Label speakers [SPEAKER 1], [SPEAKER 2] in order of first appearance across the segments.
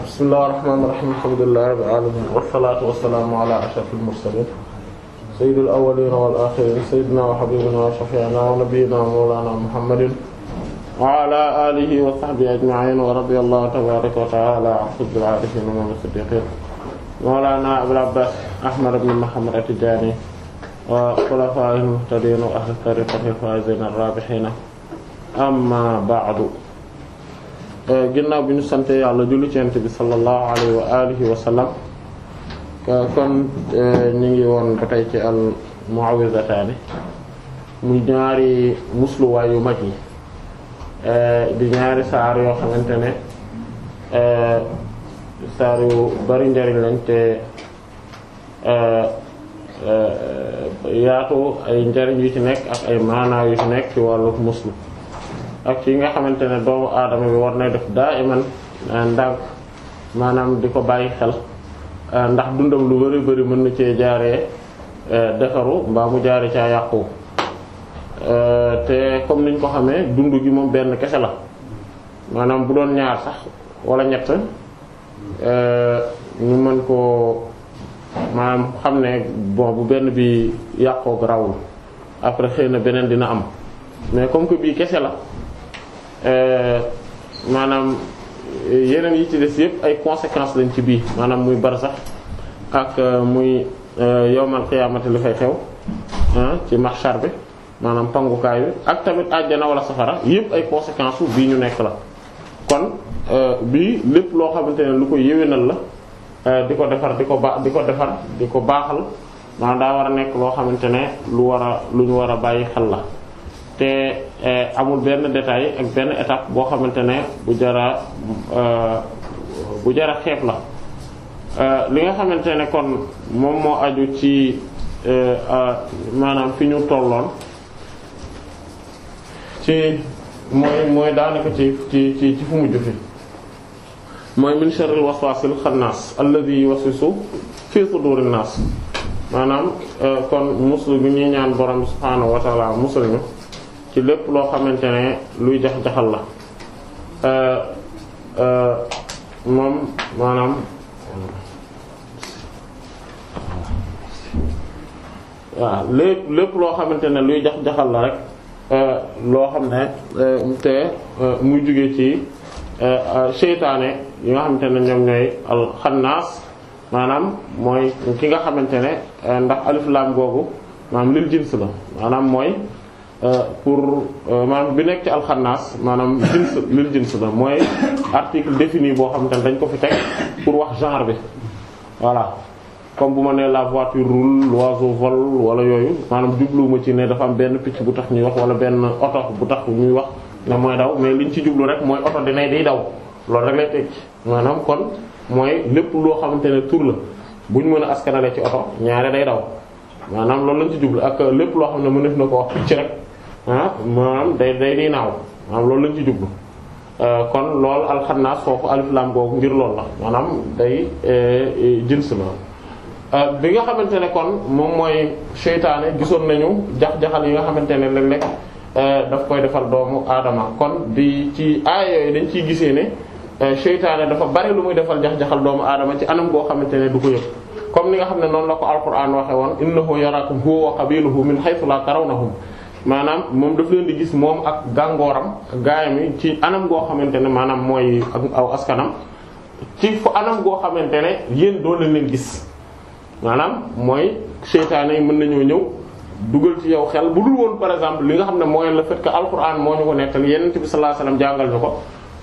[SPEAKER 1] bismillahir rahmanir rahim alhamdulillahi rabbil alamin wassalatu wassalamu ala ashrafil mursalin sayyidil awwalin wal akhirin sayyidina wa habibina wa shafi'ina wa nabiyyina wa mawlana muhammadin wa ala alihi wa sahbihi ajma'in wa radiyallahu tabaraka wa ta'ala an qutbil arifin wa as-siddiqin mawlana abul abbas ahmad ibn muhammad at-tijani wa khulafa'ihil muhtadin wa ahli tariqatihi al-faizin ar-rabihin amma ba'du Euh, ginnaaw bi ñu sante yàlla julli ci bi sallallahu alayhi wa alihi wa euh, kon euh, ñu ngi woon ba tey ci al mu'awwidhataani muy ñaari musluwaay yu mag yi di ñaari saar yoo xamante ne saar yu bari njariñ lañ te yaatu ay njariñ yu ci nekk ak ay maanaa yu ci nekk ci wàllu muslu ak yi nga xamante ne doomu aadama bi war na def daa iman euh, ndànk maanaam di ko bàyyi xel euh, ndax dundam lu bari bari mën na cee jaaree euh, defaru mbaa mu jaare caa yàqu te comme niñ ko xamee dund gi moom benn kese la maanaam bu doon ñaar sax wala ñett ñu mën koo maanaam xam ne bon bu benn bi yàqoo grawul après xëy na beneen dina am mais comme que bii kese la Euh, maanaam euh, yeneen yi ci des yëpp ay conséquences lañ ci bii maanaam muy barsax ak euh, muy yowmal xiyaamati lu fay xew ah, ci mahshar bi maanaam pangukaay ak tamit àjjana wala safara yëpp ay conséquences yu bii ñu nekk la kon bii lépp loo xamante ne lu ko yéwénal la di ko defar di ko ba di ko defar di ko baaxal maanaam daa war a nekk loo xamante ne lu war a lu ñu war a bàyyi xel la te eh, amul benn détail ak benn étape boo xamante ne bu jara euh, bu jara xeeb la euh, li nga xamante ne kon moom moo aju ci euh, maanaam fi ñu tolloon ci mooy mooy daanaka ci ci ci ci fu mujj fi mooy min sharril waswasil xannaas alladhi yuwaswisu fi sudurin naas maanaam kon muslu bi ñuy ñaan borom subhaanahu wa muslu ñu ci lépp loo xamante ne luy jax-jaxal la euh, euh, moom maanaam waaw lépp lépp loo xamante ne luy jax-jaxal la rek euh, loo xam ne te muy jóge ci seytaane yi nga xamante ne ñoom ñooy alxannaas maanaam mooy ki nga xamante ne ndax alif laam googu maanaam lil jins la maanaam mooy Euh, pour euh, maanaam bi nekk ci alxannaas maanaam jins lil jins la mooy article défini boo xam te ne dañ ko fi teg pour wax genre bi voilà comme bu ma nee la voiture roule l'oiseau vole wala yooyu maanaam jubluwuma ci ne dafa am benn picc bu tax ñuy wax wala benn oto bu tax ñuy wax ne mooy daw mais liñ ci jublu rek mooy oto dinay day daw loolu rek lay teg maanaam kon mooy lépp loo xamante ne tur la bu ñu mën a askanale ci oto ñaaree day daw maanaam loolu lañ ci lépp loo xam ne mëneef na ko ah maanaam day day day loolu lañ ci jublu euh, kon loolu alxannaas foofu alif laam googu ngir loolu la maanaam day euh, euh, jins la bi nga xamante ne kon moom mooy seytaane gisoon nañu jax-jaxal yi nga xamante ne léeg-léeg daf koy defal doomu aadama kon di ci aay yooyu dañ ciy gisee ne seytaane dafa bari lu muy defal jax-jaxal doomu aadama ci anam goo xamante ne du ko yëg comme ni nga xam ne noonu la ko alquran waxe woon innahu yaraakum huwa wa qabiluhu min haythu la tarawnahum maanaam moom daf leen di gis moom ak gàngooram gaayam yi ci anam goo xamante ne maanaam mooy ak aw askanam ci fa anam goo xamante ne yéen doo leen leen gis maanaam mooy seytaane yi mën nañoo ñëw dugal ci yow xel bu dul woon par exemple li nga xam ne mooy la fait que alquran moo ñu ko nettal yonent bi sallallahu alayhi wasallam jàngal ñu ko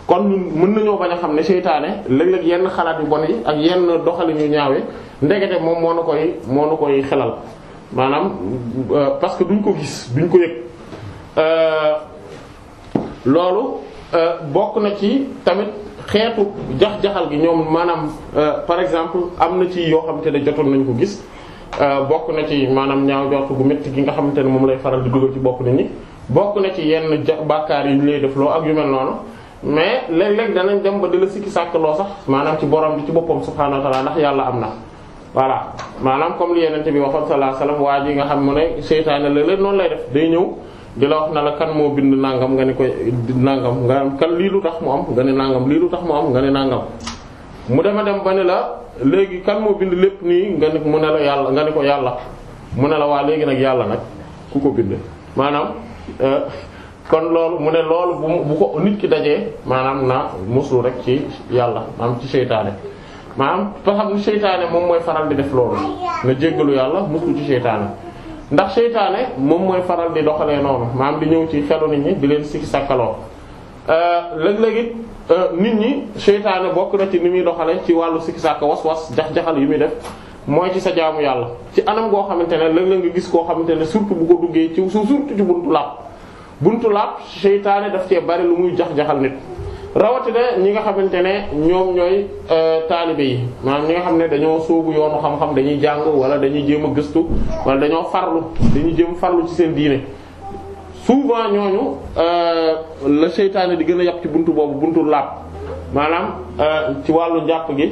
[SPEAKER 1] kon ñun mën nañoo bañ a xam ne seytaane léeg-léeg yenn xalaat yu bon yi ak yenn doxali ñu ñaawe ndegete moom moo na koy moo na koy xelal maanaam euh, parce que duñ ko gis duñ ko yëg euh, loolu euh, bokk na ci tamit xeetu jax-jaxal gi ñoom maanaam par exemple am na ci yoo xamante ne jotoon nañ ko gis bokk na ci maanaam ñaaw jort bu metti gi nga xamante ne moom lay faral di dugal ci bokk nit ñi bokk na ci yenn ja bàkkaar yi ñu lay def loo ak yu mel noonu mais léeg-léeg danañ dem ba di la sikki sax maanaam ci borom bi ci boppam subhaanahu wa ndax yàlla am na voilà maanaam comme li yenente bi waxoon sallallahu alayhi wasallam waa ji nga xam mu ne seytaane la leen noonu lay def day ñëw di la wax na la kan moo bind nangam nga ni koy nangam nga kan lii tax mu am nga ne lu tax mu am nangam mu dema dem ba ne la léegi kan bind lépp nga ni mu ne la yàlla nga ni ko yàlla mu ne la waa léegi nag yàlla nag ku ko bind maanaam euh, kon loolu mu ne loolu bu bu ko nit ki dajee maanaam na muslu rek ci yàlla am ci seytaane maanaam ba xam ne seytaane moom mooy faral di def loolu na jéggalu yàlla muslu ci seytaane ndax seytaane moom mooy faral di doxalee noonu maanaam di ñëw ci xelu nit ñi di leen sikki sàkkaloo euh, léeg-léeg it euh, nit ñi seytaane bokk na ci ni muy doxale ci wàllu sikki sàkk was-was jax-jaxal yu muy def mooy ci sa jaamu yàlla ci anam goo xamante ne léeg-léeg nga gis koo xamante ne surtout bu ko duggee ci surtout ci buntu làpp buntu làpp seytaane daf cee bari lu muy jax-jaxal nit rawatina ñi nga xamante ne ñoom ñooy euh, taalibe yi maanaam ñi nga xam ne dañoo sóobu yoonu xam-xam dañuy jàng wala dañuy jéem a gëstu wala dañoo farlu dañuy jéem farlu ci seen diine souvent ñooñu euh, la seytaane di gën a yàpp ci buntu boobu buntu laab maanaam euh, ci wàllu njàpp gi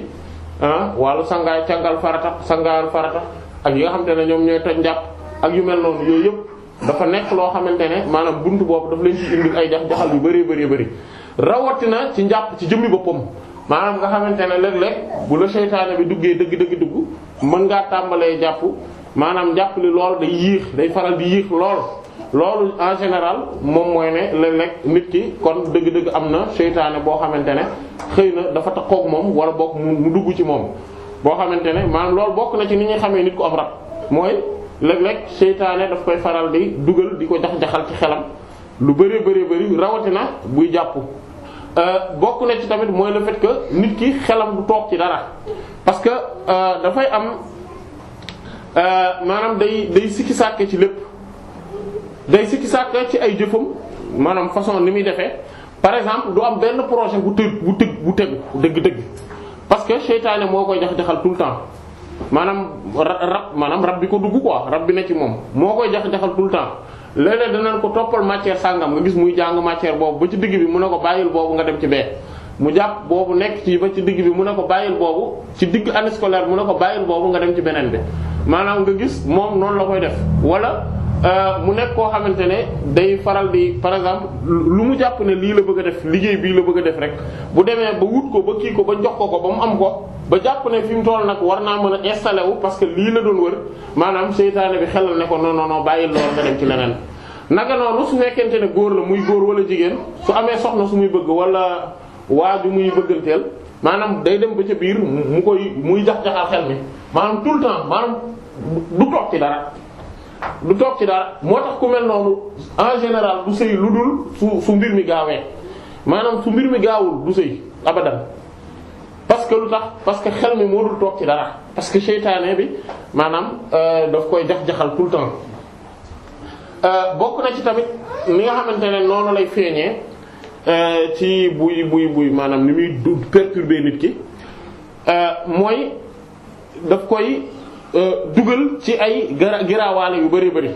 [SPEAKER 1] ah wàllu sangaay cangal farata sangaayal farata ak yi nga xamante ne ñoom ñooy toj njàpp ak yu mel noonu yooyu yëpp dafa nekk loo xamante ne maanaam bunt boobu daf leen ci indil ay jax jaxal yu bëree bëri bëri rawatina ci njàpp ci jëmmi boppam maanaam nga xamante ne léeg-léeg bu la seytaane bi duggee dëgg dëgg dugg mën ngaa tàmbalee jàpp maanaam jàpp li lool day yéex day faral di yéex lool. loolu en général moom mooy ne léeg-léeg nit ki kon dëgg-dëgg am na seytaane boo xamante ne xëy na dafa takkoog moom wala bokk mu dugg ci moom. boo xamante ne maanaam loolu bokk na ci ni ñuy xamee nit ko am rab mooy léeg-léeg seytaane daf koy faral di dugal di ko jax-jaxal ci xelam lu bëree bëri rawatina buy jàpp. Euh, bokk na ci tamit mooy le fait nit ki xelam du toog ci dara parce que euh, dafay am euh, maanaam day day sikki sàkke ci lépp day siki sàkke ci ay jëfam maanaam façon ni muy defee par exemple du am benn projet bu tëgg bu tëgg bu dëgg-dëgg parce que seytaane moo koy jax-jaxal tout le temps maanaam rab maanaam rab bi ko dugg ko rab bi ne ci moom moo koy jax-jaxal tout le temps léeg-léeg ko toppal matière sàngam nga gis muy jàng matière boobu ba ci digg bi mu ne ko bàyyil boobu nga dem ci bee mu jàpp boobu nekk ci ba ci digg bi mu ne ko bàyyil boobu ci digg année scolaire mu ne ko bàyyil boobu nga dem ci beneen bi maanaam nga gis moom noonu la koy def wala Euh, mu nekk koo xamante ne day faral di par exemple lu mu jàpp ne lii la bëgg a def liggéey bii la bëgg a def rek bu demee ba wut ko ba kii ko ba jox ko ko ba mu am ko ba jàpp ne fi mu toll nag war naa mën a installé wu parce que lii la doon wër maanaam seytaane bi xelal ne ko non non non bàyyi lool nga dem ci leneen. naka noonu su nekkente ne góor la muy góor wala jigéen su amee soxna su muy bëgg wala waaju muy bëgganteel maanaam day dem ba ca biir mu koy muy jax jaxal xel le temps maanaam du toog du toog ci dara moo tax ku mel noonu en général du sëy lu dul su su mbir mi gaawee maanaam su mbir mi gaawul du sëy abadan parce que lu tax parce que xel mi moo dul toog ci dara parce que seytaane bi maanaam euh, daf koy jax-jaxal tout le temps euh, bokk na ci tamit ni nga xamante ne noonu lay feeñee euh, ci buy buy buy maanaam ni muy du perturber nit ki mooy daf koy Euh, dugal ci ay giraawaale yu bari bari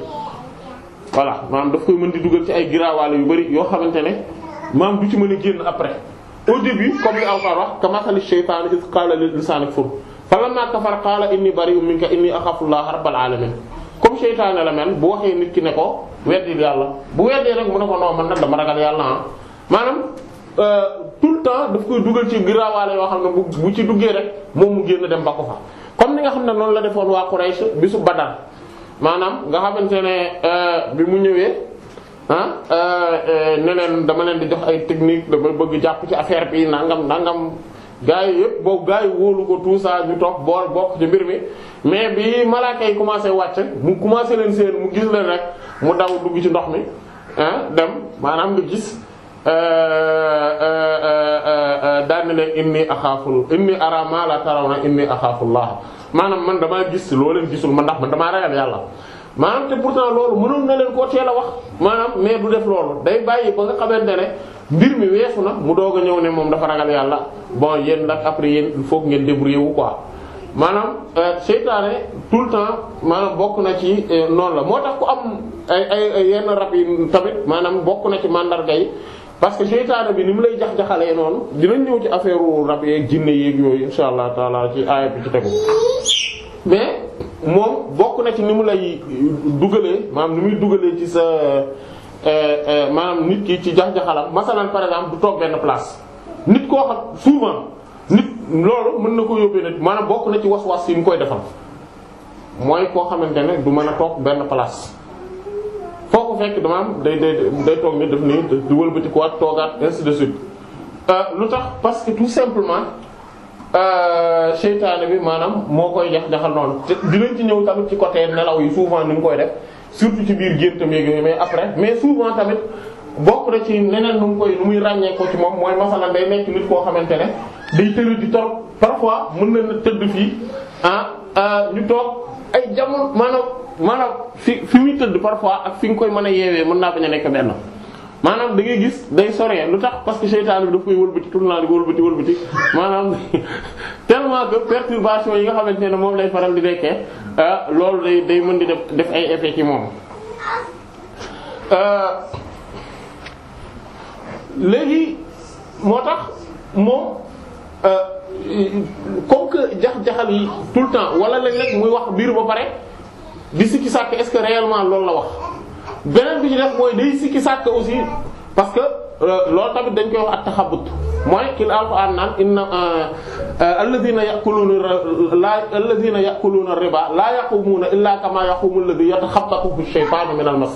[SPEAKER 1] voilà maanaam daf koy mën di dugal ci ay giraawaale yu bari yoo xamante ne maam du ci mën a génn après au début comme li Alxuraan wax ka masali shaytaani iz qaala lil insaani kfur falammaa kafara qaala innii bari'un minka innii axaafu llaaha rabbal aalamiin comme shaytaane la mel bu waxee nit ki ne ko weddi yàlla bu weddee rek mu ne ko non nag dama ragal yàlla ah maanaam. Euh, tout le temps daf koy dugal ci giraawaale yoo xam ne bu bu ci duggee rek moom mu génn dem ba ko fa comme ni nga xam ne noonu la defoon waa bi bisu Badar maanaam nga xamante ne euh, bi mu ñëwee ah euh, ne leen dama leen di jox ay technique dama bëgg jàpp ci affaire bi nangam nangam gars yi yëpp boobu gars yi wóolu ko tout ñu toog boo bokk ci mbir mi mais bi malaaka yi commencé wàcc mu commencé leen seen mu gis leen rek mu daw dugg ci ndox mi ah dem maanaam nga gis. daan na leen inni axaaful inni ara ma la tarawna inni axaafullah maanaam man damaa gis loo leen gisul man ndax man damaa ragal yàlla maanaam te pourtant loolu mënoon na leen koo teel a wax maanaam mais du def loolu day bàyyi ba nga xamante ne mbir mi weesu na mu doog a ñëw ne moom dafa ragal yàlla bon yéen nag après yéen il faut ngeen débrouiller wu quoi maanaam euh, seytaane tout le temps maanaam bokk na ci euh, noonu la moo tax ku am ay ay yenn rab yi tamit maanaam bokk na ci màndarga yi parce que seytaane bi ni mu lay jax yi noonu dinañ ñëw ci affaire rab yeeg jinne yeeg yooyu insha allah taala ci aaya bi ci tegu mais moom bokk na ci ni mu lay dugalee maanaam ni muy dugalee ci sa euh, euh, maanaam nit ki ci jax-jaxalam masalan par exemple du toog benn place nit koo xam souvent nit loolu mën na ko yóbbee nit maanaam bokk na ci was-was yi mu koy defal mooy koo xamante ne du mën a toog benn place foo ko fekk dama day day day toog ni def nii di wëlbati ko waat toogaat ainsi de suite euh, lu tax parce que tout simplement euh, seytaane bi maanaam moo koy jax-jaxal noonu te dinañ ci ñëw tamit ci côté nelaw yi souvent ni mu koy def surtout ci biir géntam yéeg mais après mais souvent tamit bokk na ci neneen nu muy ràññee ko ci moom mooy masalan day nekk nit koo xamante ne di tëdd di toog parfois mën na tëdd fii ah, ah ñu toog ay jamono maanaam maanaam fi fi muy tëdd parfois ak fi nga koy mën a yeewee mën naa bañ a nekk benn maanaam da ngay gis day soree lu tax parce que seytaane bi daf koy wëlbati tournant di ko wëlbati wëlbati maanaam tellement que perturbation yi nga xamante ne moom lay faral di nekkee euh, loolu day day mën di def def ay effet ci moom euh, léegi moo tax moom euh, comme que jax-jaxal yi tout le temps wala léeg-léeg muy wax biir ba pare di sikki sàkk est-ce que réellement loolu la wax beneen bi ci def mooy day sikki sàkk aussi parce que euh, loolu tamit dañ koy wax at taxabut mooy ki la alxuraan naan inna euh, euh, alladhina ya'kuluna la alladhina ya'kuluna riba la yaqumuna illa kama yaqumu alladhi yatakhabbathu ash-shaytanu min al-mas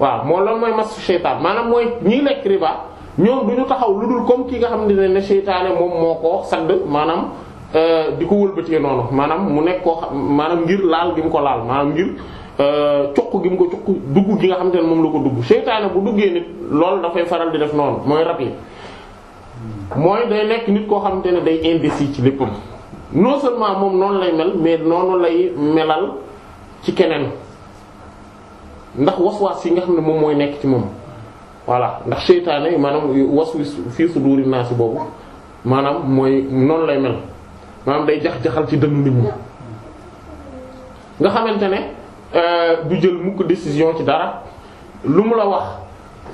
[SPEAKER 1] waaw moo loolu mooy mas shaytan maanaam mooy ñi lekk riba ñoom du ñu taxaw lu dul comme ki nga xam ne ne shaytaane moom moo ko sadd maanaam Euh, di ko wëlbatee noonu maanaam mu nekk koo xam maanaam ngir laal gi mu ko laal maanaam ngir euh, cuq gi mu ko cuq dugg gi nga xam te ne moom la ko dugg seytaane bu duggee nit loolu dafay faral di def noonu mooy rab yi mooy day nekk nit koo xam ne day indécis ci léppam non seulement moom noonu lay mel mais noonu lay melal ci keneen ndax waswaas yi nga xam ne moom mooy nekk ci moom voilà ndax seytaane maanaam waswis fii suduri naasi boobu maanaam mooy noonu lay mel maanaam day jax-jaxal ci dënnu nit ñi nga xamante ne euh, du jël mukk décision ci dara lu mu la wax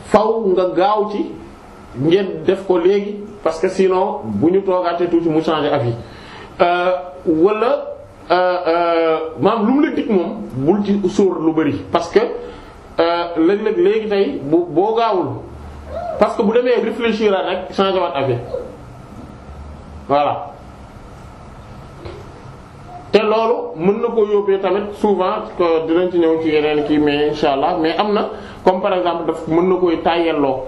[SPEAKER 1] faw nga gaaw ci ngeen def ko léegi parce que sinon bu ñu toogaatee tuuti mu changer avis euh, wala euh, maanaam lu mu la dig moom bul ci sóor lu bari parce que léeg-léeg léegi tey boo gaawul parce que bu demee réfléchir rek changer waat avis voilà te loolu mën na koo yóbbee tamit souvent dinañ ci ñëw ci yeneen kii mais insha allah mais am na comme par exemple daf mën na koy tàyyelloo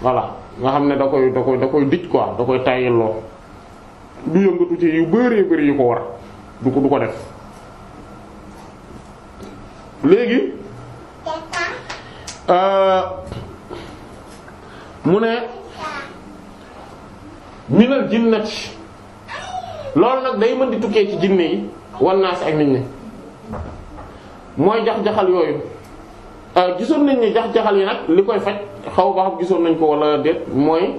[SPEAKER 1] voilà nga xam ne da koy da koy da dij quoi da koy tàyyelloo du yëngatu ci yu bëree bëri yu ko war du ko du ko def léegi euh, mu ne minal jinnati lool nag day mën di tukkee ci jinne yi wan naa si ak nit ñi mooy jax-jaxal yooyu euh, gisoon nañ ni jax-jaxal yi nag li koy faj xaw ba xam gisoon nañ ko walla déet mooy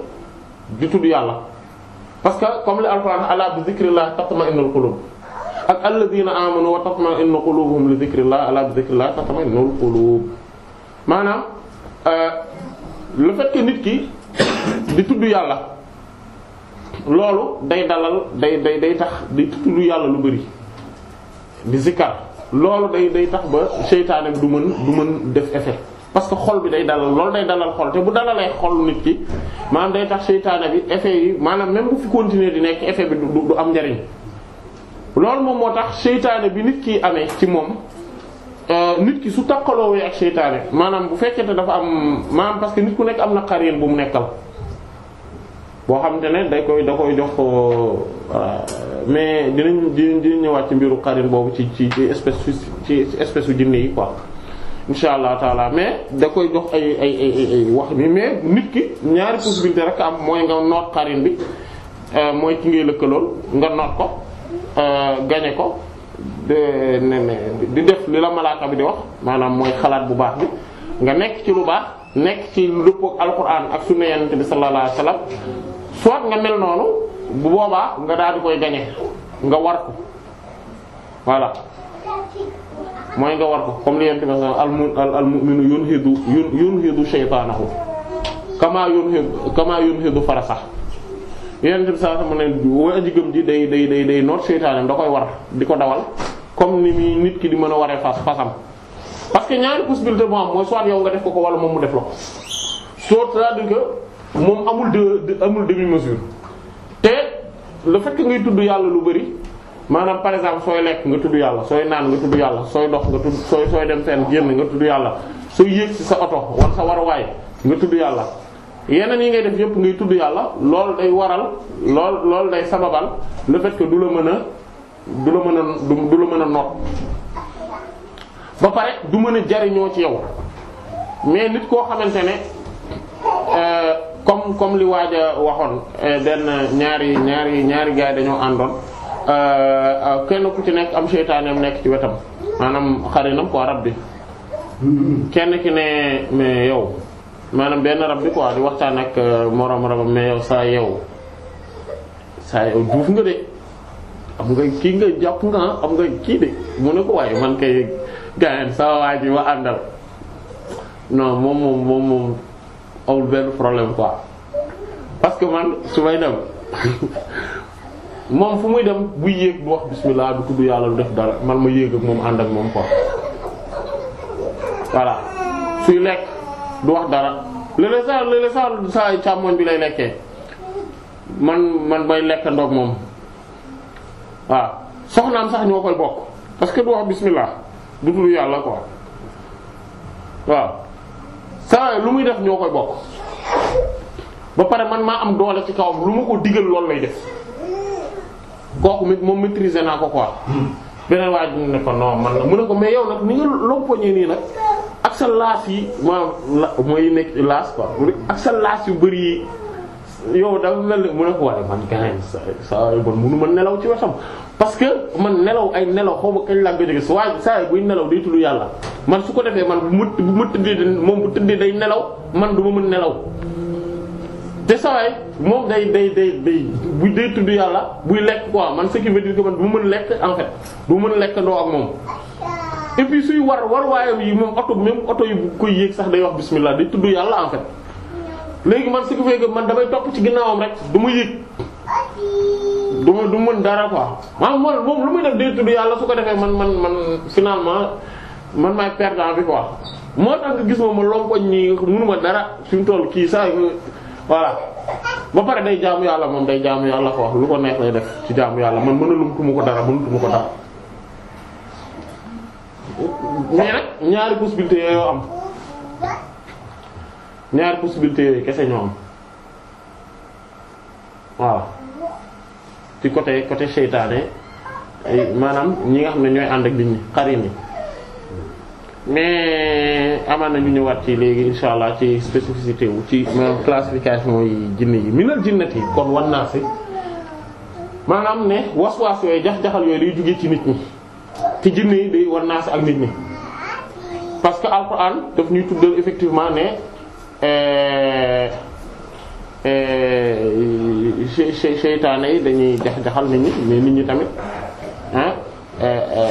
[SPEAKER 1] di tudd yàlla parce que comme li alquran ala bi zikrillah tatma'innul qulub ak alladhina amanu wa tatma'innu qulubuhum li zikrillah ala bi zikrillah tatma'innul qulub maanaam euh, le fait nit ki di tudd yàlla loolu day dalal day day day tax di tudd yàlla lu bari di zikkar loolu day day tax ba seytaane du mën du mën def effet parce que xol bi day dalal loolu day dalal xol te bu dalalee xol nit ki maanaam day tax seytaane bi effet yi maanaam même bu fi continuer di nekk effet bi du am njariñ loolu moom moo tax seytaane bi nit ki amee ci moom euh, nit ki su takkaloo ak seytaane maanaam bu fekkee te dafa am maanaam parce que nit ku nekk am na xareen bu mu nekkal boo xamante ne da koy da koy jox euh, voilà mais dinañ dinañ dinañ ñëwaat ci mbiru xarin boobu ci ci ci espèce ci espèce su jinne yi quoi insha allah taala mais da koy jox ay ay ay wax ni mais nit ki ñaari possibilité rek am mooy nga noot xarin bi euh, mooy ci ngay lëkkalool nga noot ko euh, gañe ko di def li la malaaka bi di wax maanaam mooy xalaat bu baax bi nga nekk ci lu baax nekk ci lu dëppoo ak alxuraan ak sunna yonent bi sallallahu alayhi wasallam soit nga mel noonu bu boobaa nga daal di koy gañe nga war ko voilà mooy nga war ko comme li yent basa al al mu'minu yunhidu yunhidu shaytanahu kama yunhidu kama yunhidu farasa yenente bi saa mu ne wa aji ji day day day day noot seytaane da koy war di ko dawal comme ni muy nit ki di mën a waree fas fasam parce que ñaari possibilité bu am ko ko wala moom mu def la ko soit cest à moom amul de amul demi mesure te le fait que ngay tudd yàlla lu bari maanaam par exemple sooy lekk nga tudd yàlla sooy naan nga tudd yàlla sooy dox nga tudd sooy sooy dem seen génn nga tudd yàlla sooy yéeg si sa oto wala sa waruwaay nga tudd yàlla yeneen yi ngay def yépp ngay tudd yàlla lool day waral lool lool day sababal le fait que du la mën a du la mën a du la mën a noot ba pare du mën a jariñoo ci yow mais nit koo xamante ne. Euh, comme comme li waaj waxoon eh, benn ñaari ñaari ñaari gaay dañoo àndoon eh, kenn ku ci nekk am seytaaneem nekk ci wetam maanaam xarinam quoi rab bi kenn ki ne mais yow maanaam benn rab bi quoi di waxtaan ak eh, moroom rabam mais yow saa yow saa duuf nga de am nga kii nga jàpp nga am nga kii de mu ne ko waaye man kay gaayeen saa waa ji wa àndal non moom moom moom moom amul benn problème quoi parce que man su may dem moom fu muy dem buy yéeg bu wax bismillah du tudd yàlla du def dara man ma yéeg ak moom ànd ak moom quoi voilà suy lekk du wax dara léeg-léeg sax léeg-léeg càmmoñ bi lay lekkee man man may lekk ndoog moom waaw soxnaam sax ñoo koy bokk parce que du wax bismillah du tudd yàlla quoi waaw saa lu muy def ñoo koy bokk ba pare man maa am doole ci kawam lu ma ko digal loolu lay def kooku mit moom maîtriser naa ko quoi. beneen waay bi ne ko non man na mu ne ko mais yow nag ni nga lompoñee nii nag ak sa laas yi ma la mooy nekk laas quoi ak sa laas yu bari yi yow daal la mu ne ko waaye man gars yi saa saa bon munu nelaw ci wetam parce que man nelaw ay nelaw xaw ma kañ laa gëj a gis waaye buy nelaw day tudd yàlla man su ko defee man bu ma tëddee moom bu day nelaw man du ma mën nelaw. te sawaay moom day day day day buy day tudd yàlla buy lekk quoi man ce qui veut dire que man du mën lekk en fait mën lekk ndoo ak moom. et puis suy war war waayam yi moom oto même oto yi koy yéeg sax day wax bismillah day tudd yàlla en léegi man si ko fait man damay topp ci ginnaawam rek du ma yëg du ma du mën dara quoi maanaam moom lu muy def day tudd yàlla su ko defee man man man finalement man maay perdant bi quoi moo tax nga gis moom ma lompoñ nii mënuma dara fi mu toll kii saa voilà ba pare day jaamu yàlla moom day jaamu yàlla ko wax lu ko neex def ci jaamu yàlla man mënalum tuma ko dara mënatuma ko dara mais nag ñaari possibilité yooyu am ñaari possibilités yooyu kese ñoo am waaw ci côté côté seytaane maanaam ñi nga xam ne ñooy ànd ak nit ñi xarin yi mais amaan na ñu ñëwaat ci léegi insha allah ci spécificité wu ci maanaam classification yi jinne yi minal jinnati yi kon wan naa si maanaam ne waswaas yooyu jax-jaxal yooyu day jugee ci nit ñi ci jinne yi day wan naa si ak nit ñi parce que alxuraan daf ñuy tuddal effectivement ne Euh, euh, seytaane yi dañuy jax-jaxal nit ñi mais nit ñi tamit euh,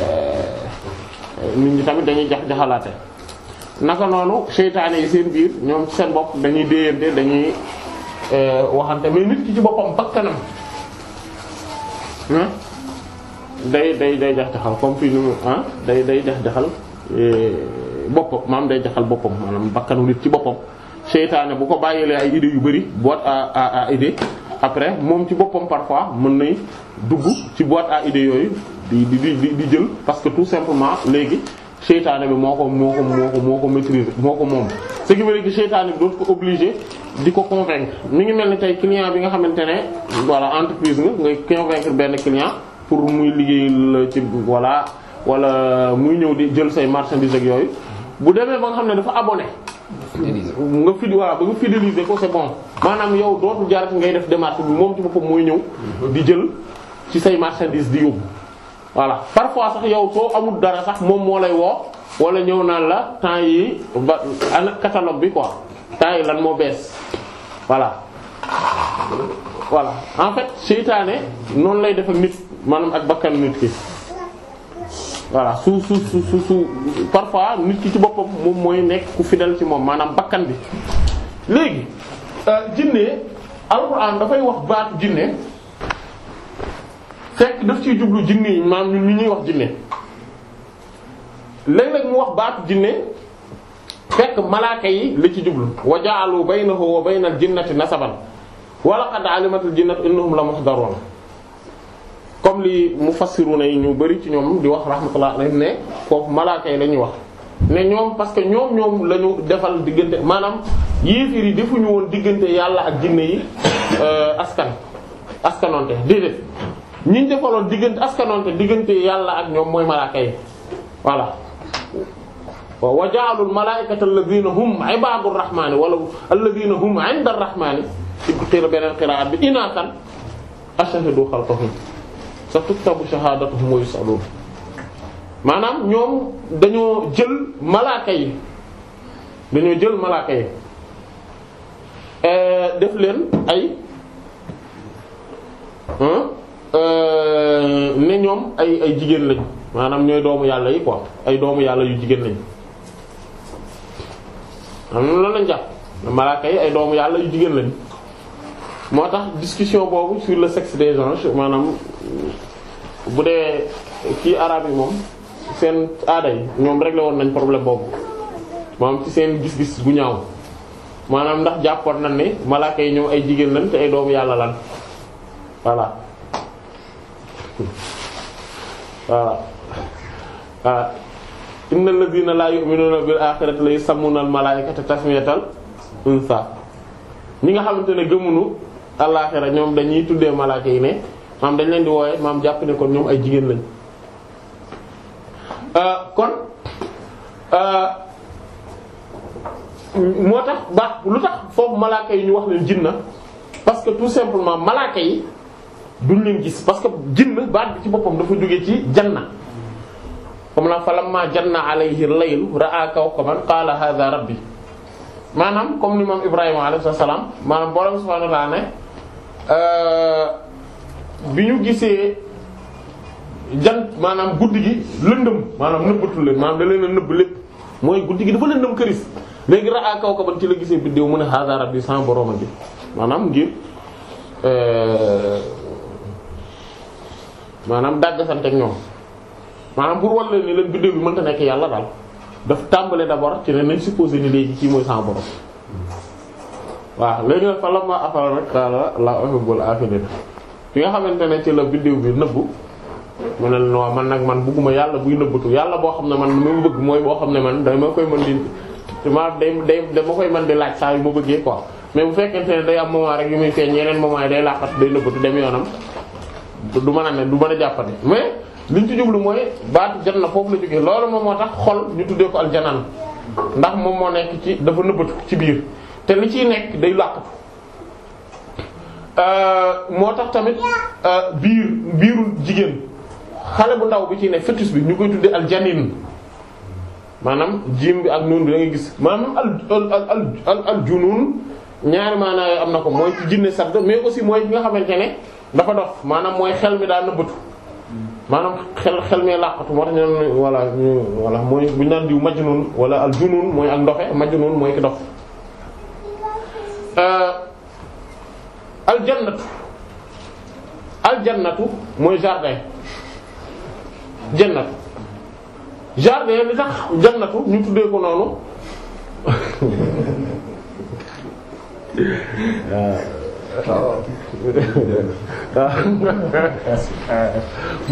[SPEAKER 1] nit ñi tamit dañuy jax-jaxalaate naka noonu seytaane yi seen biir ñoom seen bopp dañuy déyante dañuy waxante mais nit ki ci boppam bakkanam day day day jax-jaxal comme fii nu ah day day jax-jaxal boppam maam day jaxal boppam maanaam bakkanu nit ci boppam seytaane bu ko bàyyilee ay idées yu bëri boîte à à idées après moom ci boppam parfois mën nay dugg ci boîte à idée yooyu di di di di jël parce que tout simplement léegi seytaane bi moo ko moo ko moo ko moo ko ko moom. ce qui veut dire que seytaane bi dootu ko obligé di ko convaincre mi ngi mel ni tey client bi nga xamante ne voilà entreprise nga ngay convaincre benn client pour muy liggéey liggéeyal ci voilà wala muy ñëw di jël say marchandises ak yooyu bu demee ba nga xam ne dafa abonné. nga fid waaw ba nga fidéliser ko c'est bon maanaam yow dootul jarat ngay def démarche bi moom ci boppam mooy ñëw mhm. di jël ci say marchandise di yóbbu voilà parfois sax yow soo amul dara sax moom moo lay woo wala ñëw naan la temps yi ba ana catalogue bi quoi temps yi lan moo bees voilà voilà en fait seytaane noonu lay def ak nit maanaam ak bakkan nit ki voilà su su su su parfois nit ki ci boppam moom mooy nekk ku fidèle ci moom maanaam bakkan bi léegi euh, jinne alxuraan dafay wax baatu jinne fekk daf ciy jublu jinne yi maanaam ñun ñuy wax jinne léeg-léeg mu wax baat jinne fekk malaaka yi li ci jublu wa ja'alu baynahu wa baynal jinnati nasaban wa laqad alimatul jinnatu innahum la muhdarun comme li mufassiruna yi ñu bari ci ñoom di wax rahmatullah alayhi ne foofu malaaka yi la wax ne ñoom parce que ñoom ñoom lañu defal diggante maanaam yéefir yi defuñu woon diggante yàlla ak jinne yi euh, askan askanonte déedéet ñi ñu defaloon diggante askanonte diggante yàlla ak ñoom mooy malaaka yi voilà wa ja'alul malaa'ikata alladhina hum 'ibadur rahmani wala alladhina hum 'inda ar-rahmani ci beneen qira'at bi inatan ashhadu khalqahum sa tuktabu shahaadatuhum wa yusaluun maanaam ñoom dañoo jël malaaka yi dañoo jël malaaka yi eh, def leen ay eh, ne ñoom ay ay jigéen lañ maanaam ñooy doomu yàlla yi quoi ay doomu yàlla yu jigéen lañ am na loolu lañ jàpp malaaka yi ay doomu yàlla yu jigéen lañ moo tax discussion boobu sur le sexe des anges maanaam bu dee kii arabe yi moom seen aada yi ñoom réglé woon nañ problème boobu maanaam ci seen gis-gis gu ñaaw maanaam ndax jàppoon nañ ne malaaka yi ñoom ay jigéen lañ te ay doomu yàlla la voilà voilà voilà innal ladina la yu'minuna bil akhirati la yusammuna al malaikata tasmiyatal unsa ñi nga xamante ne gëmunu àllaaxira ñoom dañuy tuddee malaaka yi ne maam dañ leen di wooye maam jàpp ne kon ñoom ay jigéen lañ euh, kon euh, moo tax ba lu tax foofu malaaka yi ñu wax leen jinna parce que tout simplement malaaka yi duñ leen gis parce que jinna baat bi ci boppam dafa jóge ci janna na la falamma janna alayhi laylu ra'a kawkaban qala hadha rabbi maanaam comme ni moom Ibrahima alayhi salaam maanaam borom subhanahu wa ta'ala ne Euh, bi ñu gisee jan maanaam guddi gi lëndëm maanaam nëbbatu leen maanaam da leen a nëbb lépp mooy guddi gi dafa lëndëm këris léegi ra a kaw ka ci la gisee biddéew mu ne hasa bi san boroma bi maanaam ngir euh, maanaam dàgg sant ak ñoom maanaam pour wàll leen ni leen biddéew bi mënta nekk yàlla daal daf tàmbale d'abord ci ne nañ supposé ni léegi ci mooy san borom waaw léegi nag fa la ma afal rek xaala la uhibbul afilin bi nga xamante ne ci la biddiw bi nëbbu mu ne non man nag man bëgguma yàlla buy nëbbatu yàlla boo xam ne man li bëgg mooy boo xam ne man dama koy mën di ma day day dama koy man di laaj saa yu ma bëggee ko mais bu fekkente ne day am moment rek yu muy feeñ yeneen moment yi day laqat day nëbbatu dem yoonam du mën a ne du mën a jàppati mais li ci jublu mooy baatu janna foofu la jógee loolu moom moo tax xol ñu tuddee ko aljanaan ndax moom moo nekk ci dafa nëbbatu ci biir. te li ci nekk day làqatu euh, moo tax tamit euh, biir biiru jigéen xale bu ndaw bi ci ne fœtus bi ñu koy tuddee aljanin maanaam jiim bi ak noon bi da gis maanaam al al al ñaari maanaam am na ko mooy ci jinne sadd mais aussi mooy bi nga xamante ne dafa dof maanaam mooy xel mi daa nëbbatu maanaam xel xel mee làqatu moo tax ñu voilà ñu voilà mooy bu ñu naan diw majnun wala al junun mooy ak ndofe majnun mooy ki dof Euh, al aljannatu mooy jardin jannatu jardin li tax jannatu ñu tuddee ko noonu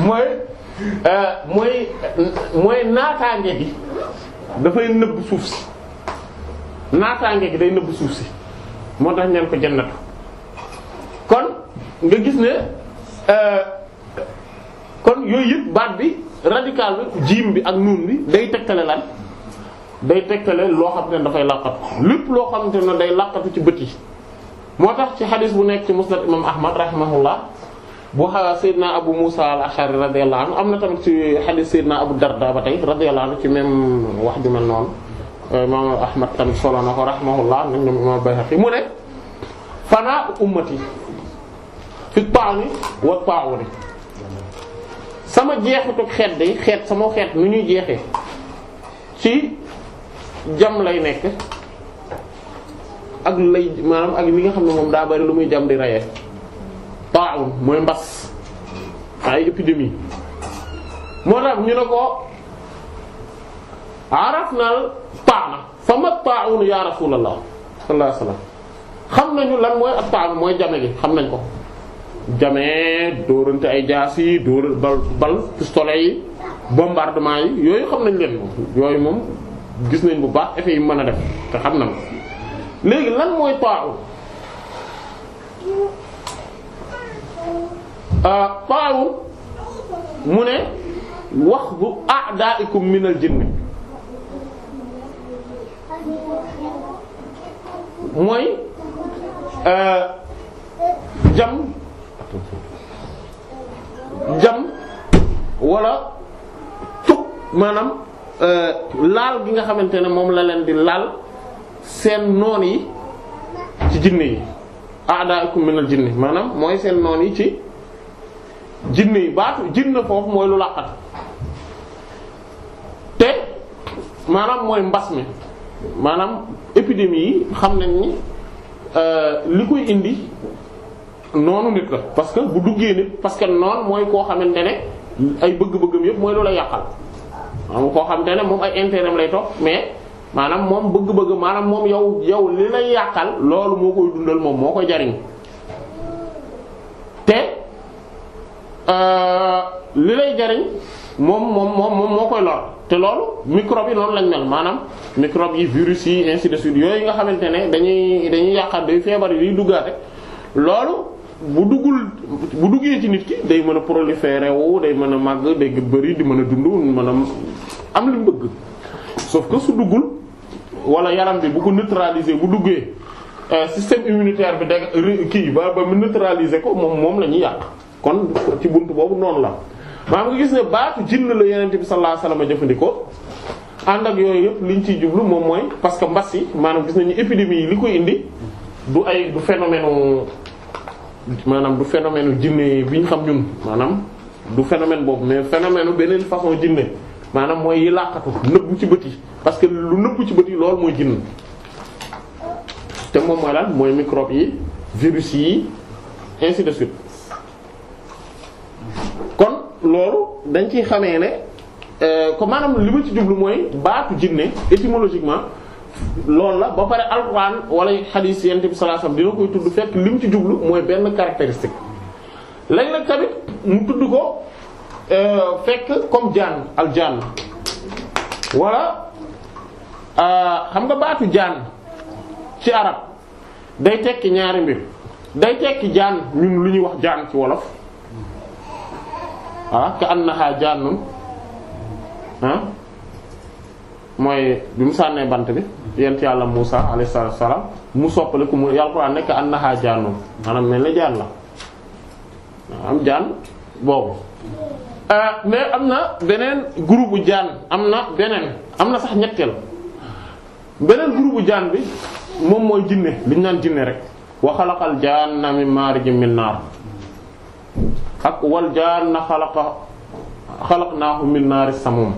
[SPEAKER 1] mooy euh, mooy mooy naataange gi dafay nëbb suuf si naataange gi day nëbb suuf si moo tax ñaan ko jannatu kon nga gis ne euh, kon yooyu yëpp baat bi radical bi jiim bi ak nuun bi day tegtale lan day tegtale loo xam ne dafay làqatu lépp loo xamante ne day làqatu ci bët yi moo tax ci xadis bu nekk ci musnad imam ahmad rahimahullah bu xa Seydina Abu Musa al-Ash'ari radiyallahu am na tamit ci xadis Seydina Abu Darda ba tey radiyallahu anhu ci même wax ju mel noonu imaam Ahmad tamit solo na ko rahimahullah nag ñoom imaam Bayhaqi mu ne fanaa ummati fi taani wa taawuni sama jeexituk xeet day xeet sama xeet nu ñuy jeexee ci jam lay nekk ak lay maanaam ak li nga xam ne moom daa bari lu muy jam di reyee taawun mooy mbas ay épidémie moo tax ñu ne ko arafnal taana fa ma taa'un ya rasulullah sallallahu alayhi wasallam xam nañu lan mooy ak taan mooy jame gi xam nañ ko jame dóorante ay jaas yi dóor bal bal pistolet yi bombardement yi yooyu xam nañ leen moom yooyu moom gis nañ bu baax effet yi mën a def te xam na ko léegi lan mooy taa'un taa'un euh, mu ne wax bu a'da'ikum minal jinni mooy euh, jam jam wala tub maanaam euh, laal gi nga xamante ne moom la leen di laal seen noon yi ci jinne yi a'daakum minal jinni maanaam mooy seen noon yi ci jinne yi baatu jinne foofu mooy lu làqat te maanaam mooy mbas mi maanaam épidémie yi xam nañ ni euh, li koy indi noonu nit la parce que bu duggee nit parce que noonu mooy koo xamante ne ay bëgg-bëggam yëpp mooy loola yàqal maanaam koo xamante ne moom ay intérêt lay topp mais maanaam moom bëgg-bëgg maanaam moom yow yow li lay yàqal loolu moo koy dundal moom moo koy jariñ te euh, li lay jariñ moom moom moom moom moo te loolu microbe yi lañ mel maanaam microbe yi virus yi ainsi de suite yooyu nga xamante ne dañuy dañuy yàqaat day feebar yi duggaate loolu bu duggul bu duggee ci day mën a proliférer wu day mën a màgg day bëri di mën a dund mën a am li mu duggul wala yaram bi bu ko neutraliser bu duggee euh, système immunitaire bi da kii ba ba mu ko moom moom la ñuy yàq kon ci bunt boobu noonu la maanaam nga gis ne baatu jinn la yenente bi sallallahu alayhi wasallam jëfandikoo ànd ak yooyu yëpp liñ ciy jublu moom mooy parce que mbas yi maanaam gis nañu épidémie yi li koy indi du ay du phénomène maanaam du phénomène jinne bi ñu xam ñun maanaam du phénomène boobu mais phénomène beneen façon jinne maanaam mooy yi làqatu nëbbu ci bët yi parce que lu nëbbu ci bët yi loolu mooy jinn te moom mooy lan mooy microbe yi virus yi ainsi de suite loolu dañ ciy xamee ne comme euh, maanaam li ma ci jublu mooy baatu jinne étymologiquement loolu la ba pare alxuraan wala xadiis yonent bi sallallahu alayhi dina koy tudd fekk li mu ci jublu mooy benn caractéristique. léegi nag tamit mu tudd ko euh, fekk comme jaan al jaan wala euh, xam nga baatu jaan ci arab day tekki ñaari mbir day tekki jaan ñun lu ñuy wax jaan ci wolof. ah ka annaha jannun ah mooy bi mu sànnee bant bi yent yàlla Musa alayhi salaatu wa salaam mu soppaliku mu yàlla ko ànd ka annaha jannun maanaam mel na jaan la am jaan boobu. Ah, mais am na beneen groupe bu jaan am na beneen am na sax ñetteel beneen groupe bu jaan bi moom mooy jinne li naan jinne rek wa xalaqal jaanna min maarijin ak wal jaan na xalaqa xalaqnaahu min naari samum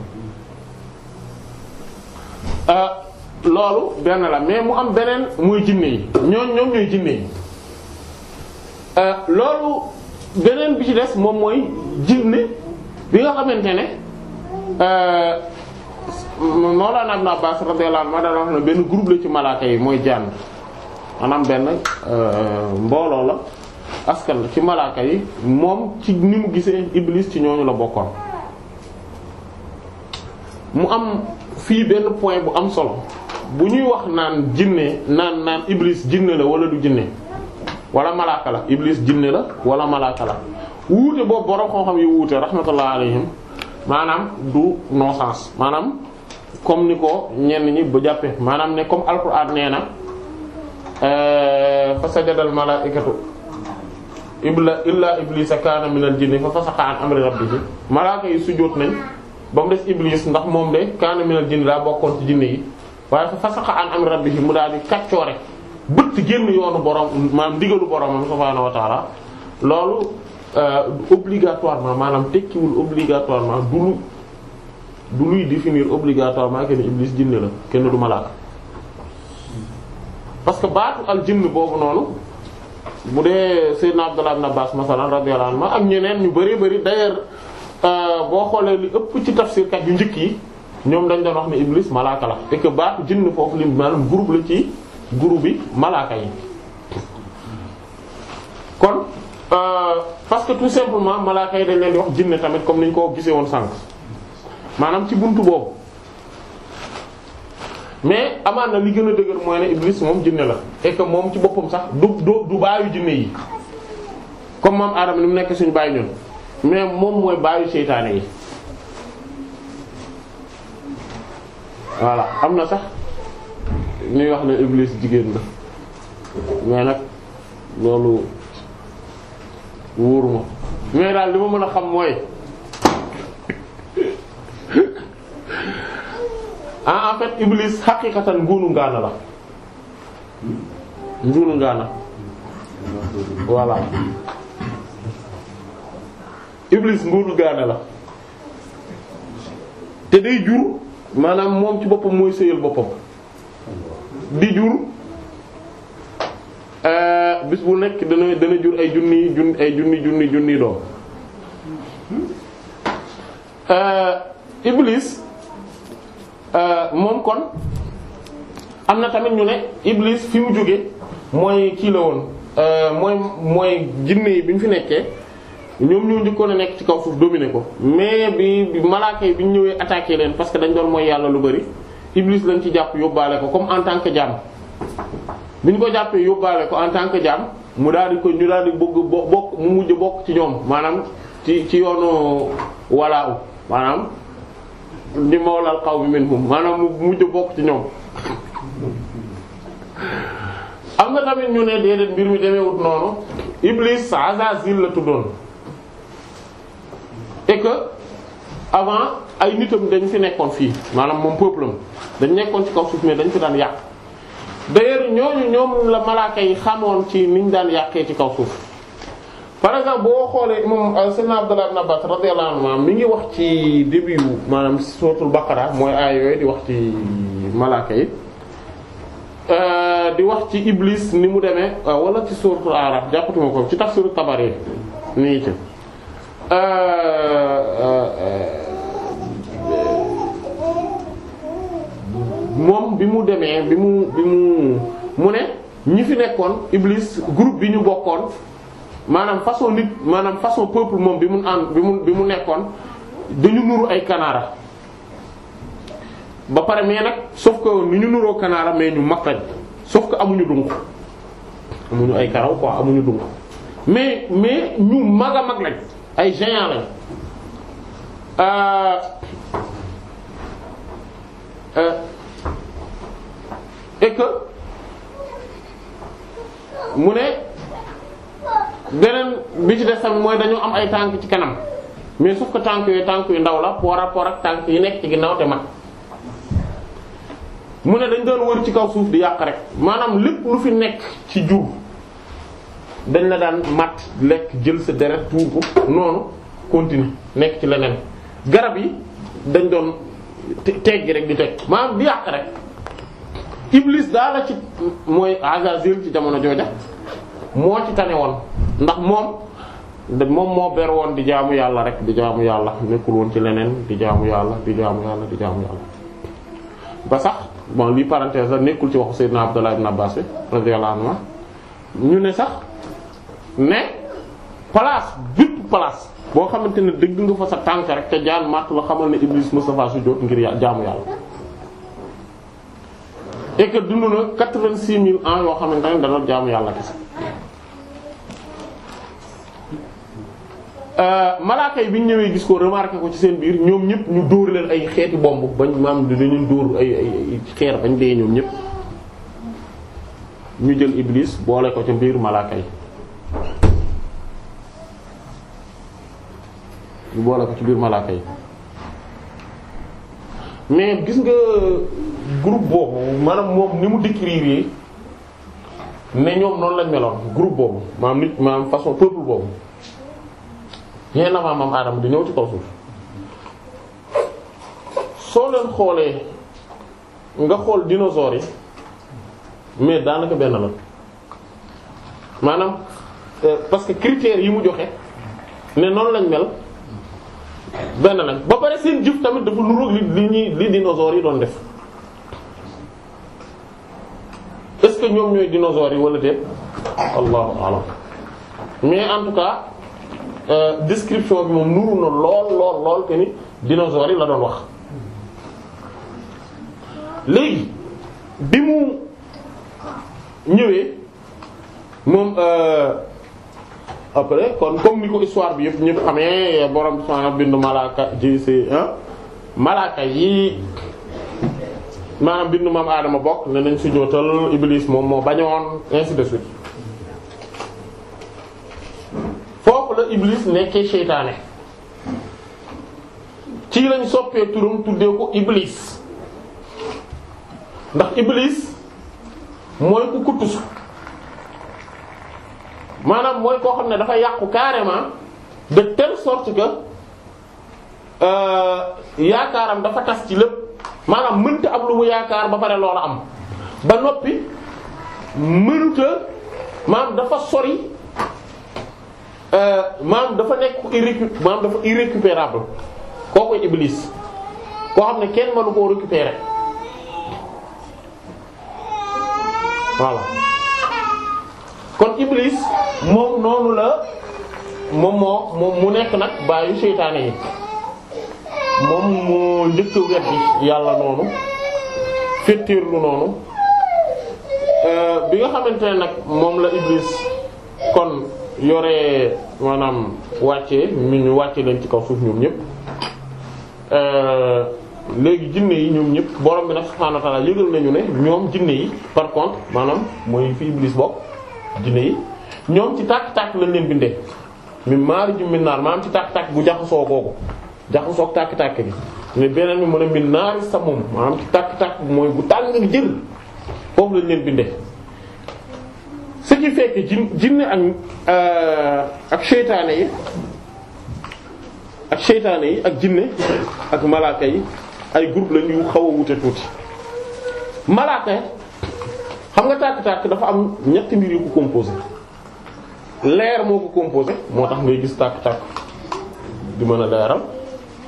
[SPEAKER 1] euh, loolu benn la mais mu am beneen muy jinne yi ñoom ñoom ñooy jinne yi euh, loolu beneen bi ci des moom mooy jinne bi nga xamante ne euh, Mawlana Ibn Abbas radiyallahu anhu ma daan wax ne benn groupe la ci malaaka yi mooy jaan maanaam benn mbooloo la askan la ci malaaka yi moom ci ni mu gisee iblis ci ñooñu la bokkoon mu am fii benn point bu am solo bu ñuy wax naan jinne naan naan iblis jinne la wala du jinne wala malaaka la iblis jinne la wala malaaka la wuute boobu borom xam-xam yi wuute rahmatullah alayhim maanaam du non sens maanaam comme ni ko ñenn ñi bu jàppee maanaam ne comme alquran nee na euh, fa sajadal malaikatu ibla illaa iblisa kaana minal jinni fa fasaqa an amri rabbihi malaaka yi sujjóot nañ ba mu des iblis ndax moom de kaana minal jinni daa bokkoon ci jinni yi waaye fa fasaqa an amri rabbihi mu daal di kaccoore bëtt génn yoonu borom maanaam digalu boromam subhaanahu wa taala loolu euh, obligatoirement maanaam tekkiwul obligatoirement du lu du luy définir obligatoirement kenn iblis jinne la kenn du malaaka parce que baatu al jinn boobu noonu bu dee Seydina Abdullah ibn Abbas masalan radiyallahu anhu ak ñeneen ñu baree bari d'ailleurs euh, boo xoolee li ëpp ci tafsirkat yu njëkk yi ñoom dañ doon wax ne Iblis malaaka la et que baatu jinn foofu li maanaam groupe la ci groupe bi malaaka yi kon euh, parce que tout simplement malaaka yi dañ leen di wax jinn tamit comme ni ñu ko gisee woon sànq maanaam ci bunt boobu mais amaan na li gën a dëgër mooy ne Iblis moom jinne la et que moom ci boppam sax du du du baayu jinne yi comme maam Adama li mu nekk suñu baay ñun mais moom mooy baayu seytaane yi voilà am na sax ñuy wax na Iblis jigéen la mais nag loolu wóoruma mais daal li ma mën a xam mooy. ah en fait Iblis xaqiqatan nguunu ngaana la nguunu ngaana voilà Iblis nguunu ngaana la te day jur maanaam moom ci boppam mooy sëyal boppam di jur euh, bis bu nekk dana dana jur ay junni junni ay junni junni junni doom euh, Iblis. Euh, moom kon am na tamit ñu ne Iblis fi mu jóge mooy kii la woon euh, mooy mooy jinne yi bi ñu fi nekkee ñoom ñoo njëkkoon a nekk ci kaw suuf dominer ko mais bi bi malaaka yi bi ñu ñëwee attaquer leen parce que dañ doon mooy yàlla lu bari Iblis lañ ci jàpp yóbbaale ko comme en tant que jaam bi ñu ko jàppee yóbbaale ko en tant que jaam mu daal di ko ñu daal di bo bokk mu mujj bokk ci ñoom maanaam ci ci yoonu walaaw maanaam di mawlal xaw bi minhum maanaam mu mujj bokk ci ñoom am na tamit ñu ne déedéet mbir mi demeewut noonu Iblis Azazil la tuddoon et avant ay nitam dañ fi nekkoon fii maanaam moom peuple am dañ nekkoon ci kaw suuf mais dañ fi daan yàq d'ailleurs ñooñu ñoom la malaaka yi xamoon ci niñ daan yàqee ci kaw suuf par exemple boo xoolee moom euh, Seydina Abdullah ibn Abbas radiyallahu anhu mi ngi wax ci début maanaam suratul Baqara mooy aay yooyu di wax ci malaaka yi euh, di wax ci Iblis ni mu demee euh, wala ci suratul Araf jàppatuma ko ci tafsiru Tabari nii ci moom bi mu demee bi mu bi mu mu ne ñi fi nekkoon Iblis groupe bi ñu bokkoon maanaam façon nit maanaam façon peuple moom bi mu ànd bi mu bi mu nekkoon dañu nuru ay kanaara ba pare mais nag sof que ni ñu nuroo kanaara me ñu mag lañ sauf que amuñu dunk amuñu ay karaw quoi amuñu dunk mais mais ñu mag a mag lañ ay géant lañ euh, euh, et mu ne deneen bi ci des tamit mooy dañoo am ay tànk ci kanam mais sauf que tànk yooyu tànk yu ndaw la par rapport ak tànk yi nekk ci ginnaw te man mu ne dañ doon wër ci kaw suuf di yàq rek maanaam lépp lu fi nekk ci jur dañ la daan mat lekk jël sa deret tuur ko noonu continuer nekk ci leneen garab yi dañ doon teggi rek di teg maanaam di yàq rek iblis daal la ci mooy Azazil ci jamono jooja moo ci tane woon ndax moom moom moo ber woon di jaamu yàlla rek di jaamu yàlla nekkul woon ci leneen di jaamu yàlla di jaamu yàlla di jaamu ba sax bon lii parenthèse la nekkul ci waxu Seydina Abdullah ibn Abbas bi radiyallahu anhu ñu ne sax ne place bépp place boo xamante ne dëgg nga fa sa tànk rek te jaan màtt la xamal ne Iblis Mustafa su jot ngir jaamu yàlla et que dund na quatre-vingt-six mille ans yoo xamante ne dana jaamu yàlla kese Euh, malaaka yi bi ñu ñëwee gis ko remarqué ko ci seen biir ñoom ñëpp ñu dóor ay xeeti bomb bañ maam ñu dóor ay ay xeer bañ dee ñoom ñëpp ñu jël iblis boole ko ci biir malaaka yi ñu boole ko ci biir malaaka yi mais gis nga groupe boobu maanaam moom ni mu décrire ne ñoom noonu lañ meloon groupe boobu maanaam nit maanaam façon peuple boobu bien avant maam Adama di ñëw ci kaw suuf soo leen xoolee nga xool dinosaures yi mais daanaka benn la maanaam euh, parce que critères yi mu joxe ne noonu lañ mel benn lañ ba pare seen jëf tamit dafa lu roog li li ñuy li dinosaures yi doon def est-ce que ñoom ñooy dinosaures yi wala déet allahu alam mais en tout cas Euh, description bi moom nuru na lool lool lool te ni yi la doon wax léegi bi mu ñëwee moom euh, après kon comme ni ko histoire bi yëpp ñëpp xamee borom a bindu malaaka ji si malaaka yi maanaam bindu maam aadama bokk ne nañ sujjóotal iblis moom moo bañoon ainsi de suite nekkee seytaane ci lañ soppee turam tuddee ko iblis ndax iblis mooy ku kuttus maanaam mooy koo xam ne dafa yàqu carrément de telle sorte que euh, yaakaaram dafa tas ci lépp maanaam mënta am lu mu yaakaar ba pare loola am ba noppi mënuta maanaam dafa sori Euh, maam dafa nekk ku irrécu maam dafa irrécupérable kooku iblis koo xam ne kenn mënu koo récupérer voilà kon iblis moom noonu la moom moo mu nekk nag baayu seytaane yi moom moo njëkk weddi yàlla noonu féttéerlu noonu euh, bi nga xamante ne nag moom la iblis kon yore maanaam wàcce mi ñu wàcce leen ci kaw suuf ñoom ñëpp euh, léegi jinne yi ñoom ñëpp borom bi nag subhaanahu wa ta'aala yëgal nañu ne ñoom jinne yi par contre maanaam mooy fi Iblis bokk jinne yi ñoom ci tàkk-tàkk lañ leen bindee mi maari ji min naar maanaam ci tàkk-tàkk bu jaxasoo googu jaxasoo ak tàkk-tàkk bi mais beneen bi mën a min naari sa moom maanaam ci tàkk-tàkk mooy bu tàng jër foofu lañ leen bindee ce qui fait que jinne ak euh, ak seytaane yi ak seytaane yi ak jinne ak malaaka yi ay group lañu yu xaw a wute tuuti malaaka xam nga tàkk-tàkk dafa am ñetti mbir yu ko composé leer moo ko composé moo tax ngay gis tàkk-tàkk di mën a leeral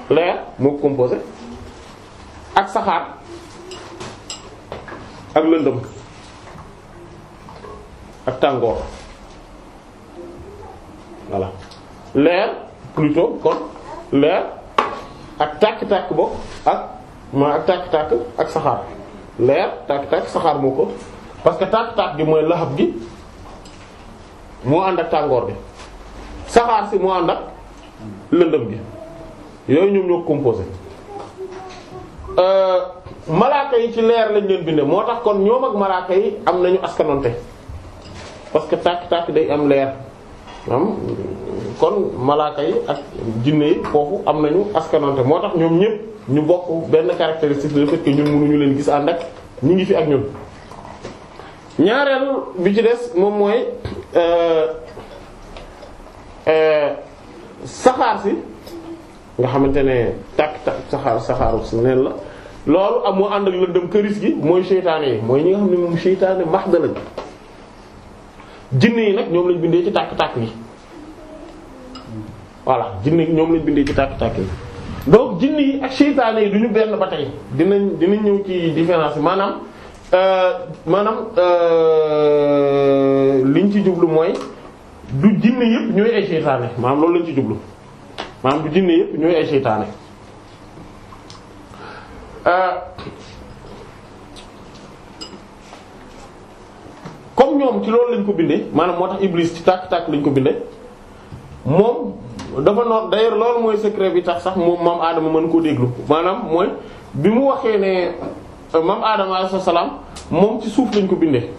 [SPEAKER 1] leer moo ko composé ak saxaar ak lëndëm ak tàngoor voilà leer plutôt kon leer ak tàkk-tàkk bokk ak ma ak tàkk-tàkk ak saxaar leer tàkk-tàkk saxaar moo ko parce que tàkk-tàkk gi mooy laxab gi moo ànd ak tàngoor bi saxaar si moo ànd ak lëndëm gi yooyu ñoom ñoo composé euh, malaaka yi ci leer lañ leen bindee moo tax kon ñoom ak malaaka yi am nañu askanonte parce que tàkk-tàkk day am leer am kon malaaka yi ak jinne yi foofu am nañu askanante moo tax ñoom ñëpp ñu bokk benn caractéristique le fait que ñun mënuñu leen gis ànd ak ñu ngi fi ak ñun ñaareel bi ci des moom mooy euh, euh, saxaar si nga xamante ne tàkk tàkk saxaar saxaaru si neen la loolu am moo ànd ak lëndëm këris gi mooy seytaane yi mooy ñi nga xam ne moom seytaane max da lañ jinne yi nag ñoom lañ bindee ci tàkk-tàkk yi voilà jinne yi ñoom lañ bindee ci tàkk-tàkk yi donc jinne yi ak seytaane du ñu benn ba tey dinañ dinañ ñëw ci différence maanaam euh, maanaam maanaam euh, liñ ci jublu mooy du jinne yëpp ñooy ay seytaane maanaam loolu lañ ci jublu maanaam du jinne yëpp ñooy ay seytaane euh, comme ñoom ci loolu lañ ko bindee maanaam moo tax Iblis ci tàkk-tàkk lañ ko bindee moom dafa noor d'ailleurs loolu mooy secret bi tax sax moom maam Adama mën koo déglu maanaam mooy bi mu waxee ne euh, maam Adama alayhi salaam moom ci suuf lañ ko bindee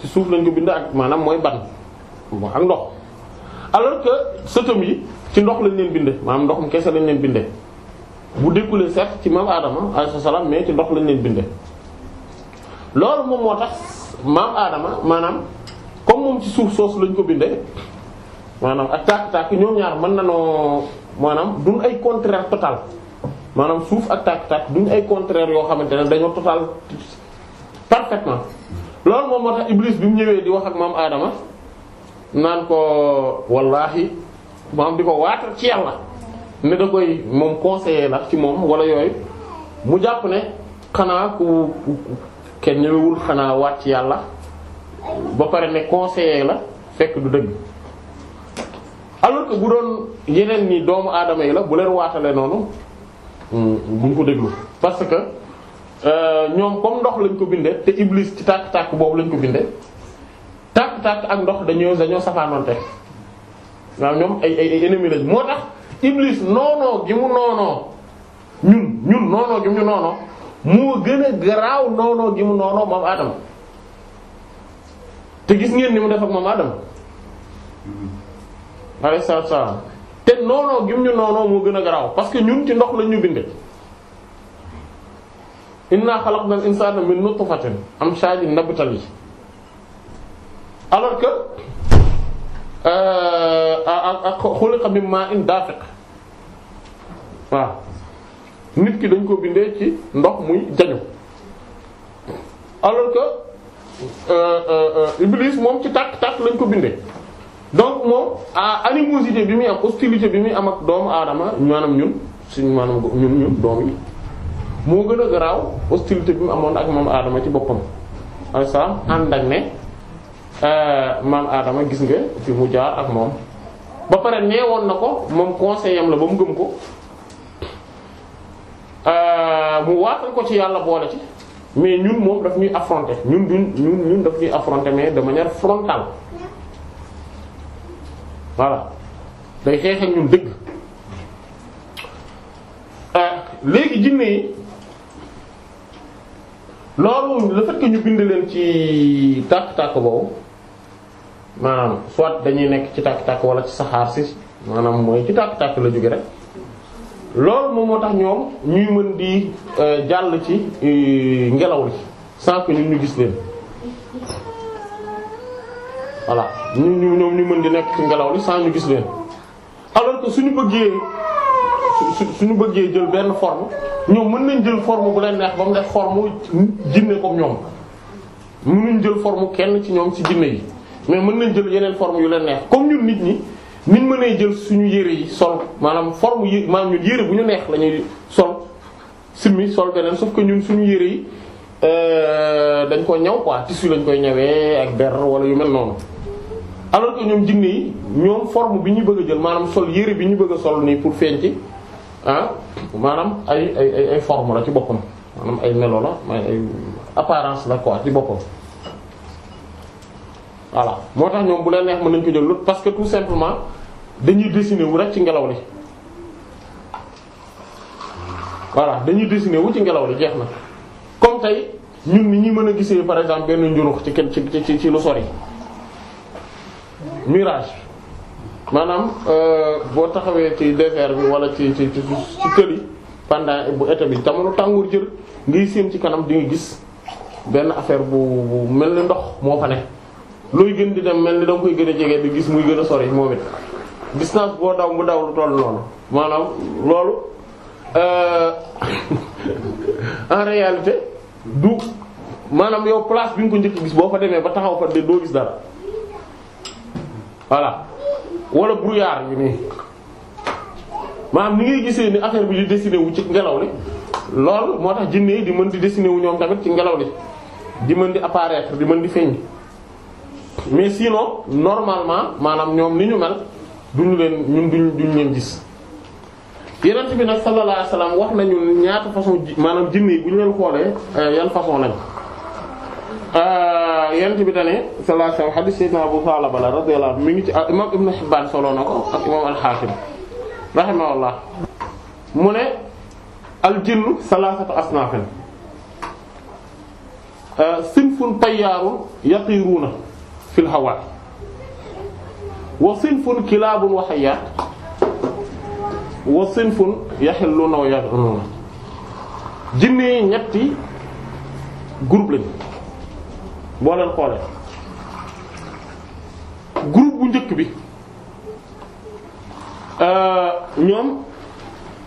[SPEAKER 1] ci suuf lañ ko bindee maanaam mooy ban moo ak ndox alors que sëtëm yi ci ndox lañ leen bindee maanaam ndoxum kese lañ leen bindee bu dékkulee certes ci maam Adama alayhi salaam mais ci ndox lañ leen bindee loolu moom moo tax. maam aadama maanaam comme moom ci suuf soosu lañ ko bindee maanaam ak tàkk-tàkk ñoo ñaar mën noo maanaam duñ ay contraire total maanaam suuf ak tàkk-tàkk duñ ay contraire yoo xamante ne dañoo total parfaitement loolu moom moo Iblis bi mu ñëwee di wax ak maam aadama naan ko wallaahi maam di ko waatal ci yàlla ne da koy moom conseiller la ci moom wala yooyu mu jàpp ne xanaa ku kenn ñëwewul xanaa waat ci yàlla ba pare ne conseiller la fekk du dëgg alors que bu doon yeneen ni doomu aadama yi la bu leen waatalee noonu buñ hmm, ko déglu parce que euh, ñoom comme ndox lañ ko bindee te iblis ci tàkk-tàkk boobu lañ ko binde tàkk-tàkk ak ndox dañoo dañoo safaanoonte waaw ñoom ay ay ennemis lañ moo tax iblis noonoo gi mu noonoo ñun ñun noonoo gi mu ñu noonoo moo gën a garaaw noonoo gi mu noonoo moom Adama te gis ngeen ni mu def ak moom Adama alayhi salaatu salaam te noonoo gi mu ñu noonoo moo gën a garaaw parce que ñun ci ndox la ñu binde inna xalaqnal insaana min nutfatin amshaajin nabtali alors que euh, xuliqa min maa'in daafiq waaw nit ki dañ ko bindee ci ndox muy jañu alors que euh, euh, euh, Iblis moom ci tàkk tàkk lañ ko bindee donc moom animosité bi muy am hostilité bi muy am ak doomu aadama ñun suñu maanaam ñun ñun doom yi moo gën a garaaw hostilité bi mu amoon ak maam aadama ci boppam alayhi salaam ànd ak ne maam aadama gis nga fi mu jaar ak moom ba pare neewoon na ko moom conseil la ba mu gëm ko Euh, mu waatal ko ci yàlla boole ci mais ñun moom daf ñuy affronter ñun duñ ñun ñun daf ñuy affronter mais de manière frontale voilà day xeex ñun dëgg euh, léegi jinne yi loolu le fait ñu bind leen ci tàkk-tàkk boobu maanaam soit dañuy nekk ci tàkk-tàkk wala ci saxaar si maanaam mooy ci tàkk-tàkk la jóge rek loolu moom moo tax ñoom ñuy mën di euh, jàll ci euh, ngelaw li sans que ñu ñu gis leen voilà ñu ñu ñoom ñu mën di nekk ngelaw li sans ñu gis leen alors que suñu bëggee suñu bëggee jël benn forme ñoom mën nañ jël forme bu leen neex ba mu def forme jinne comme ñoom mu mënuñ jël forme kenn ci ñoom ci jinne yi mais mën nañ jël yeneen forme yu leen neex comme ñu nit ñi niñ mënee jël suñu yére yi sol maanaam forme yi maanaam ñun yére bu ñu neex la ñuy sol simmi sol beneen sauf ko ñun suñu yére yi euh, dañ ko ñaw quoi tissu lañ koy ñawee ak ber wala yu mel noonu alors que ñoom jinne yi ñoom forme bi ñu bëgg a jël maanaam sol yére bi ñu bëgg a sol nii pour feeñ ci ah maanaam ay ay ay forme la ci boppam maanaam ay melo la ay apparence la quoi ci boppam voilà moo tax ñoom bu la neex mën nañ ko jël lot parce que tout simplement dañuy dessiner wu rek ci ngelaw li voilà dañuy dessiner wu ci ngelaw li jeex na comme tey ñun ni ñuy mën a gisee par exemple benn njurux ci kenn ci ci ci lu sori mirage maanaam euh, boo taxawee ci désert bi wala ci ci ci kër yi pendant bu été bi jamono tàngoor jër ngay séen ci kanam di gis benn affaire bu bu mel ni ndox moo fa ne looy gën di dem mel ni da koy gën a jege di gis muy gën a sori moom it distance boo daw mu daw lu toll noonu maanaam loolu euh, en du maanaam yow place bi nga ko njëkk gis boo fa demee ba taxaw fa de doo gis dara voilà wala brouillard yi nii maanaam ni ngay gisee ni affaire bi di dessiné wu ci ngelaw li loolu moo tax jinne yi di mën di dessiné ñoom tamit ci ngelaw li di mën di apparaître di mën di feeñ. mais silo normalment maanaam ñoom ni ñu mel duñu leen ñun duñ duñ leen gis yonent bi nag sallallahu alayhi wax nañu ñaata façon maanaam jinne yi bu ñu leen xoolee euh, yan façon lañ euh, yonent bi dane sallallahu alayhi wasallam hadith sayyidina mi ngi ci ah, imam Ibn Hibban solo na ko ak imam al-Hakim rahimahullah al jinnu salasatu asnafin euh, sinfun fil hawaa wa sinfun kilaabun wa hayyaat wa sinfun yahilluuna wa yad'unuuna jinne yi ñetti groupe lañu boo leen xoolee bu njëkk bi euh, ñoom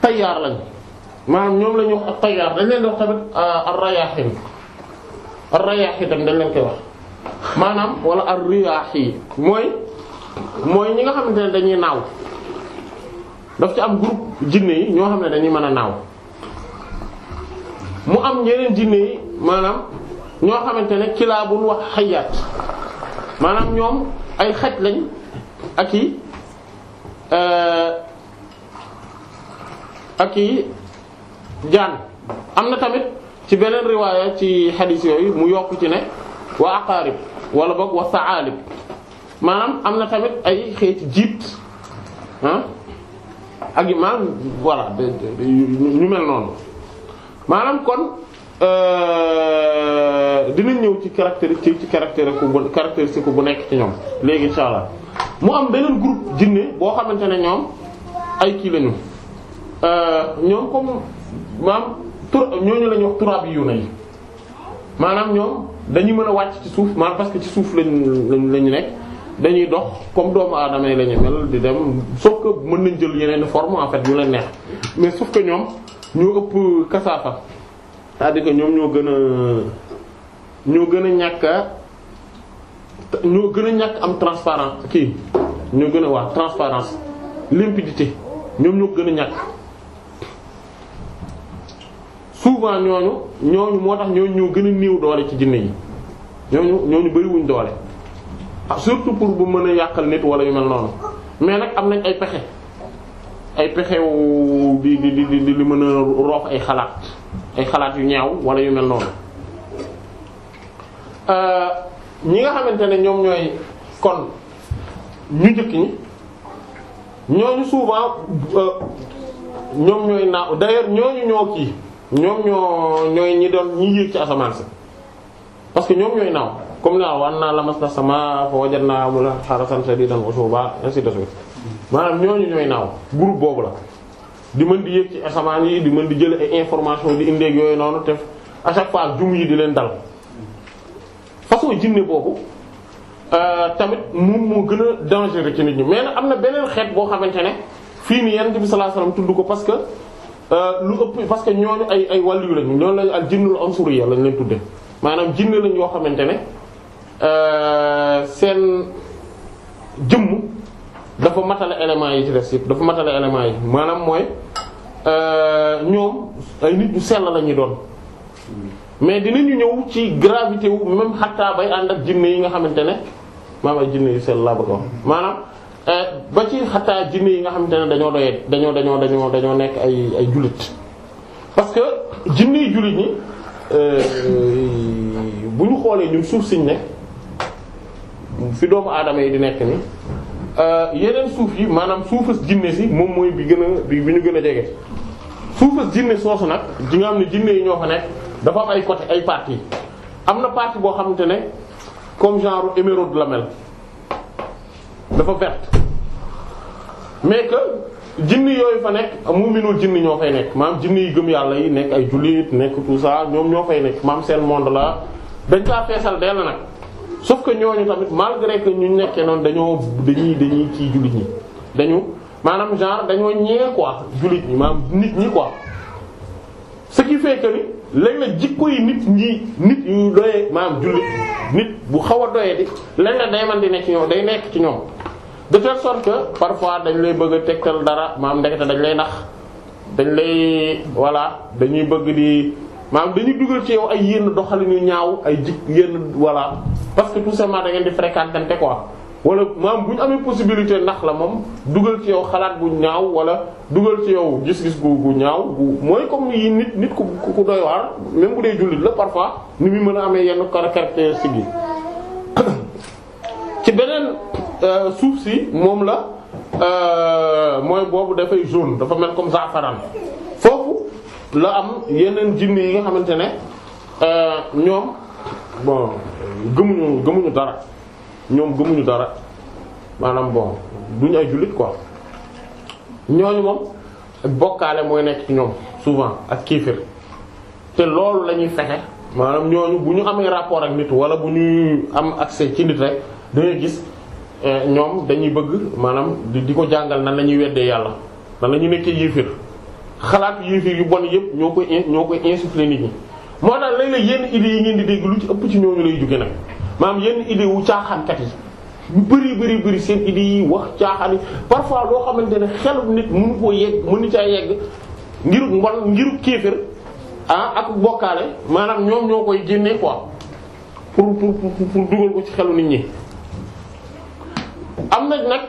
[SPEAKER 1] tayyaar lañ maanaam ñoom la ak tayyaar dañ leen di wax tamit euh, ar-rayaahin ar-rayaahin dañ leen koy wax maanaam walla ar riyaax yi mooy mooy ñi nga xamante ne dañuy naaw daf ci am groupe jinne yi ñoo xam ne dañuy mën a naaw mu am ñeneen jinne yi maanaam ñoo xamante ne kilaabul wax xayaat maanaam ñoom ay xaj lañ ak i ak i jaan am na tamit ci beneen riwaaya ci xadiis yooyu mu yokk ci ne wa aqaarib wala boog wa sa saalib maanaam am na tamit ay xeeti jiit ah ak yi maanaam voilà ñu mel noonu maanaam kon euh, dinañ ñëw ci caractéristique ci caractéristique bu caractéristique bu nekk ci ñoom léegi insha allah mu am beneen groupe jinne boo xamante ne ñoom ay kii lañu euh, ñoom comme maam tur ñooñu la ñuy wax turaabi maanaam ñoom dañuy mën a wàcc ci suuf maanaam parce que ci suuf lañ lañu nekk dañuy dox comme doomu aadama yi la ñu mel di dem soo que mën nañ jël yeneen forme en fait ñu leen neex mais sauf que ñoom ñoo ëpp kasaafa cest que ñoom ñoo gën a ñoo gën a ñàkk ñoo gën a ñàkk am transparence kii ñoo gën a waa transparence limpidité ñoom ñoo gën a ñàkk souvent ñooñu ñooñu moo tax ñooñu ñoo gën a néew doole ci jinne yi ñooñu ñooñu bariwuñ doole ah, surtout pour bu mën a yàqal nit wala yu mel noonu mais nag am nañ ay pexe ay pexewu wu di di li mën a roof ay xalaat ay xalaat yu ñaaw wala yu mel noonu euh, ñi nga xamante ne ñoom ñooy kon ñu njëkk ñi ñooñu souvent euh, ñoom ñooy naaw d'ailleurs ñooñu ñoo kii. ñoom ñoo ñooy ñi doon ñi yéeg ci asamaan si parce que ñoom ñooy naaw comme ni ma la naa lamas na sama fa wajan naa mu la xarasan sadidan wa shuba ainsi de suite maanaam ñooñu ñooy naaw groupe boobu la di mën di yéeg ci asamaan yi di mën di jël ay information di indeeg yooyu noonu te à chaque fois jum yi di leen dal façon jinne boobu euh, tamit moom moo gën a dangereux ci nit ñi mais am na beneen xeet boo xamante ne fii nii Yonent bi sallallahu alayhi tudd ko parce que Euh, lu ëpp parce que ñooñu ay ay wàllu lañu ñooñu lañu al jinnul ansuriya lañ leen tudde maanaam jinne lañ yoo xamante ne euh, seen jëmm dafa matale éléments yi ci des yëpp dafa matale éléments yi maanaam mooy euh, ñoom ay nit ñu sell la doon mais dinañu ñëw ci gravité wu même bay ànd ak jinne yi nga xamante ne maanaam ay jinne yu sell laa bëgg a maanaam Eh, ba ci xataa jinne yi nga xamante ne dañoo doyee dañoo dañoo dañoo dañoo nekk ay ay jullit parce que jinne yi jullit ñi eh, bu ñu xoolee ñun suuf siñ ne fi doomu aadama yi di nekk ni eh, yeneen suuf yi maanaam suufas jinne si moom mooy bi gën a bi ñu gën a jege suufas jinne soosu nag ji nga xam ne jinne yi ñoo fa nekk dafa am ay coté ay parties am na partie boo xamante ne comme genre émeraude la mel dafa verte mais que jinni yooyu fa nekk mu'minul jinni ñoo fay nekk maam jinni yi gëm yàlla yi nekk ay jullit nekk tout ñoom ñoo fay nekk maam seen monde la dañ saa feesal dell nag sauf que ñooñu tamit malgré que ñu nekkee noonu dañoo dañuy dañuy ci jullit ñi dañu maanaam genre dañoo ñee quoi jullit ñi maanaam nit ñi quoi ce qui fait que ni léeg-léeg jikko yi nit ñi nit yu doyee maanaam jullit nit bu xaw a doyee di léeg-léeg day man di nekk ci ñoom day nekk ci ñoom de telle que parfois dañ lay bëgg a tegtal dara maam ndekete dañ lay nax dañ lay voilà dañuy bëgg di maam dañuy dugal ci yow ay yenn doxalin yu ñaaw ay jik yenn voilà parce que tout dangeen di ngeen di fréquenter quoi wala maam bu ñu amee possibilité nax la moom dugal ci yow xalaat bu ñaaw wala dugal ci yow gis-gis gu ñaaw gu mooy comme yi nit nit ku ku doy waar même bu dee jullit la parfois ni muy mën a amee yenn caractéristiques yi ci beneen. Euh, suuf si moom la euh, mooy boobu dafay jaune dafa mel comme zaafaran foofu la am yeneen jinne yi nga xamante ne euh, ñoom bon gëmuñu gëmuñu dara ñoom gëmuñu dara maanaam bon duñu ay jullit quoi ñooñu moom bokkaale mooy nekk ci ñoom souvent ak kiifir te loolu lañuy ñuy fexe maanaam ñooñu bu ñu amee rapport ak nit wala bu ñuy am accès ci nit rek dangay gis Euh, ñoom dañuy bëgg maanaam di ko jàngal na la ñuy weddee yàlla nan la ñuy nekkee yéefir xalaat yéefir yu bon yëpp ñoo koy ñoo koy insuffler nit ñi. moo tax léeg-léeg yenn idées yi ngeen dégg lu ci ëpp ci ñooñu lay jóge nag maam yenn idées wu caaxaankat yi yu bëri bëri bëri seen idées yi wax caaxaan parfois loo xamante ne xel nit mënu koo yegg mënu caa yegg ngir mbon ngir kéefir ah ak bokkaale maanaam ñoom ñoo koy génnee quoi pour pour pour dugal ko ci xelu nit am na nag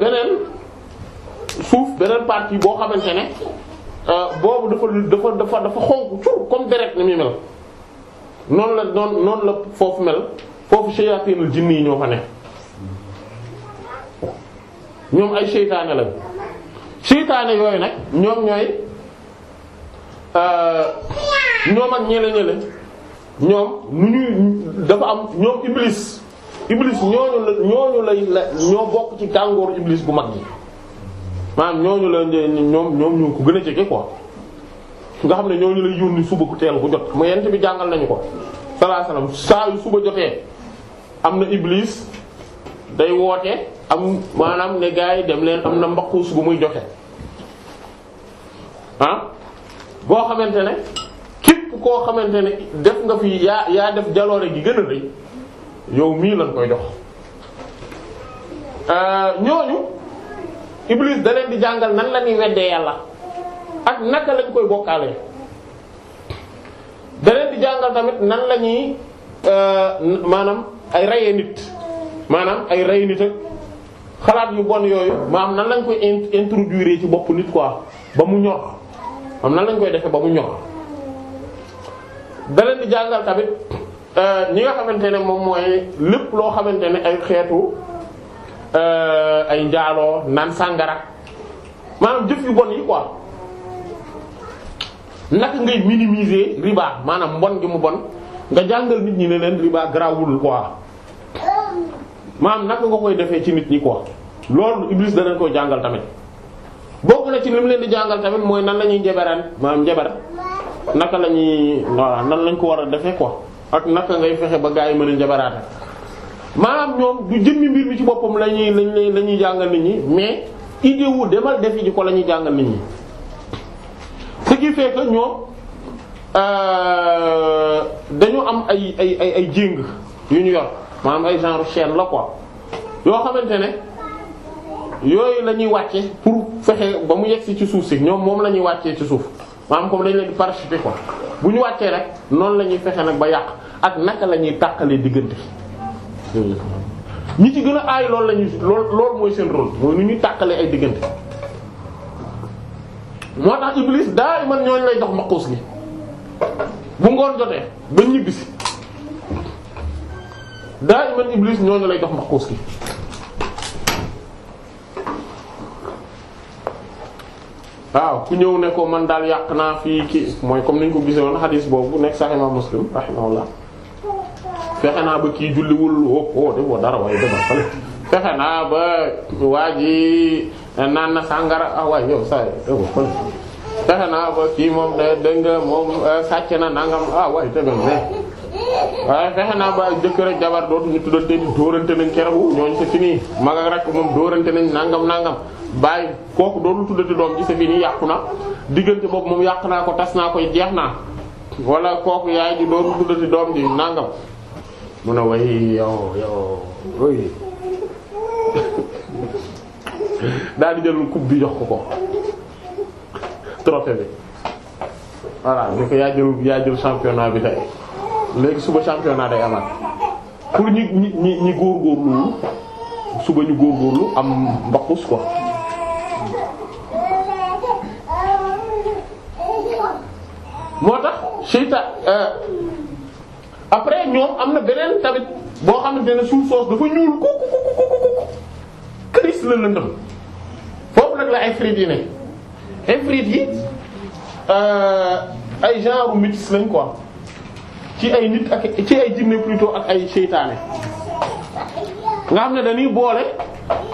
[SPEAKER 1] beneen suuf beneen partie boo xamante ne euh, boobu dafa dafa dafa dafa xonk cur comme deret ni muy mel noonu la noonu noonu la foofu mel foofu shayaatinul jinni yi ñoo fa ne ñoom ay seytaane lañ seytaane yooyu nag ñoom ñooy euh, ñoom ak ñele ñele ñoom nu ñuy dafa am ñoom iblis iblis ñooñu la ñooñu lay la ñoo bokk ci tàngoor iblis bu mag yi maanaam ñooñu la ñoom ñoom ñoo ko gën a jege ko nga xam ne ñooñu lay yónni suba ku teel ku jot mu yent bi jàngal nañu ko sallallahu alayhi wasallam saa yu suba jotee am na iblis day woote am maanaam ne gars yi dem leen am na mbaquus bu muy joxe ah boo xamante ne képp koo xamante ne def nga fi yaa yaa def jaloore gi gën a rëy yow mii lañ koy jox euh, ñooñu Iblis da leen di jàngal nan la ñuy weddee yàlla ak naka lañ koy bokkaale da leen di jàngal tamit nan la ñuy euh, maanaam ay rayee nit maanaam ay rey nit ak xalaat yu bon yooyu am nan lañ koy introduire ci bopp nit quoi ba mu ñor am nan lañ koy defee ba mu ñor da di jàngal tamit. ñi nga xamante ne moom mooy lépp loo xamante ne ay xeetu euh, ay njaaloo naan sàngara maanaam jëf yu bon yi quoi naka ngay minimiser riba maanaam mbon gi mu bon nga jàngal nit ñi ne leen riba garaawul ko maanaam naka nga koy defee ci nit ñi quoi loolu Iblis danañ koy jàngal tamit. bokk na ci lim leen di jàngal tamit mooy nan la ñuy njabaraan maanaam njabar naka lañuy ñuy nan lañ ko war a defee ko ak naka ngay fexe ba gaa yi mën a njabaraate maanaam ñoom du jëmmi mbir bi ci boppam la ñuy lañuy la ñuy jàngal nit ñi mais idée wu demal defi ji ko lañuy ñuy jàngal nit ñi ce qui fait ñoom euh, dañu am ay ay ay ay jéng yu ñu yor maanaam ay genre chaine la yoo xamante ne yooyu lañuy wàcce pour fexe ba mu yegg si ci suuf si ñoom moom la ñuy wàccee ci suuf maam comme dañ leen di parachuter quoi bu ñu wàccee rek noonu la ñuy fexe nag ba yàq ak naka la ñuy tàqalee diggante ñi ci gën a aay loolu la ñuy lool loolu mooy seen rôle mooy nu ñuy tàqalee ay diggante moo tax Iblis daay man ñooñu lay dox maqus gi bu ngoon jotee ba ñibbisi daay man Iblis ñooñu lay dox maqus gi waaw ku ñëw ne ko man daal yàq naa fii kii mooy comme niñ ko gisee woon xadis boobu nekk sax imam muslim rahimahullah fexe naa ba kii julliwul oh, oh, o dara waaye dama fale fexe naa ba waa ji naan na sàngara ah waay yow say naa ba moom de dégg nga eh, na nangam ah waay naa ba jëkkër ak jabar dootuñu tuddante dóorante nañ keroog ñooñu sa fi nii mag ak moom dóorante nañ nangam nangam bàyyi kooku doonul tuddati doom ji sa fii nii yàqu na diggante boobu moom yàq naa ko tas naa ko jeex naa wala kooku yaay ji doonul tuddati doom ji nangam mun a way yow yow oy daal di jël coupe bi jox ko ko trophée bi voilà ñu ko yaa jël yaa jël championnat bi tey léegi suba championnat day amaat pour ñi ñi ñi góorgóorlu suba ñu góorgóorlu am mbaqus ko moo tax seytaan euh, après ñoom am na beneen tamit boo xamante ne suuf soos dafa ñuul ku ku këris la lëndëm foofu nag la ay ifrit yi ne ifrit yi euh, ay genre métis lañ quoi ci ay nit ak ci ay jinne plutôt ak ay seytaane nga xam ne dañuy boole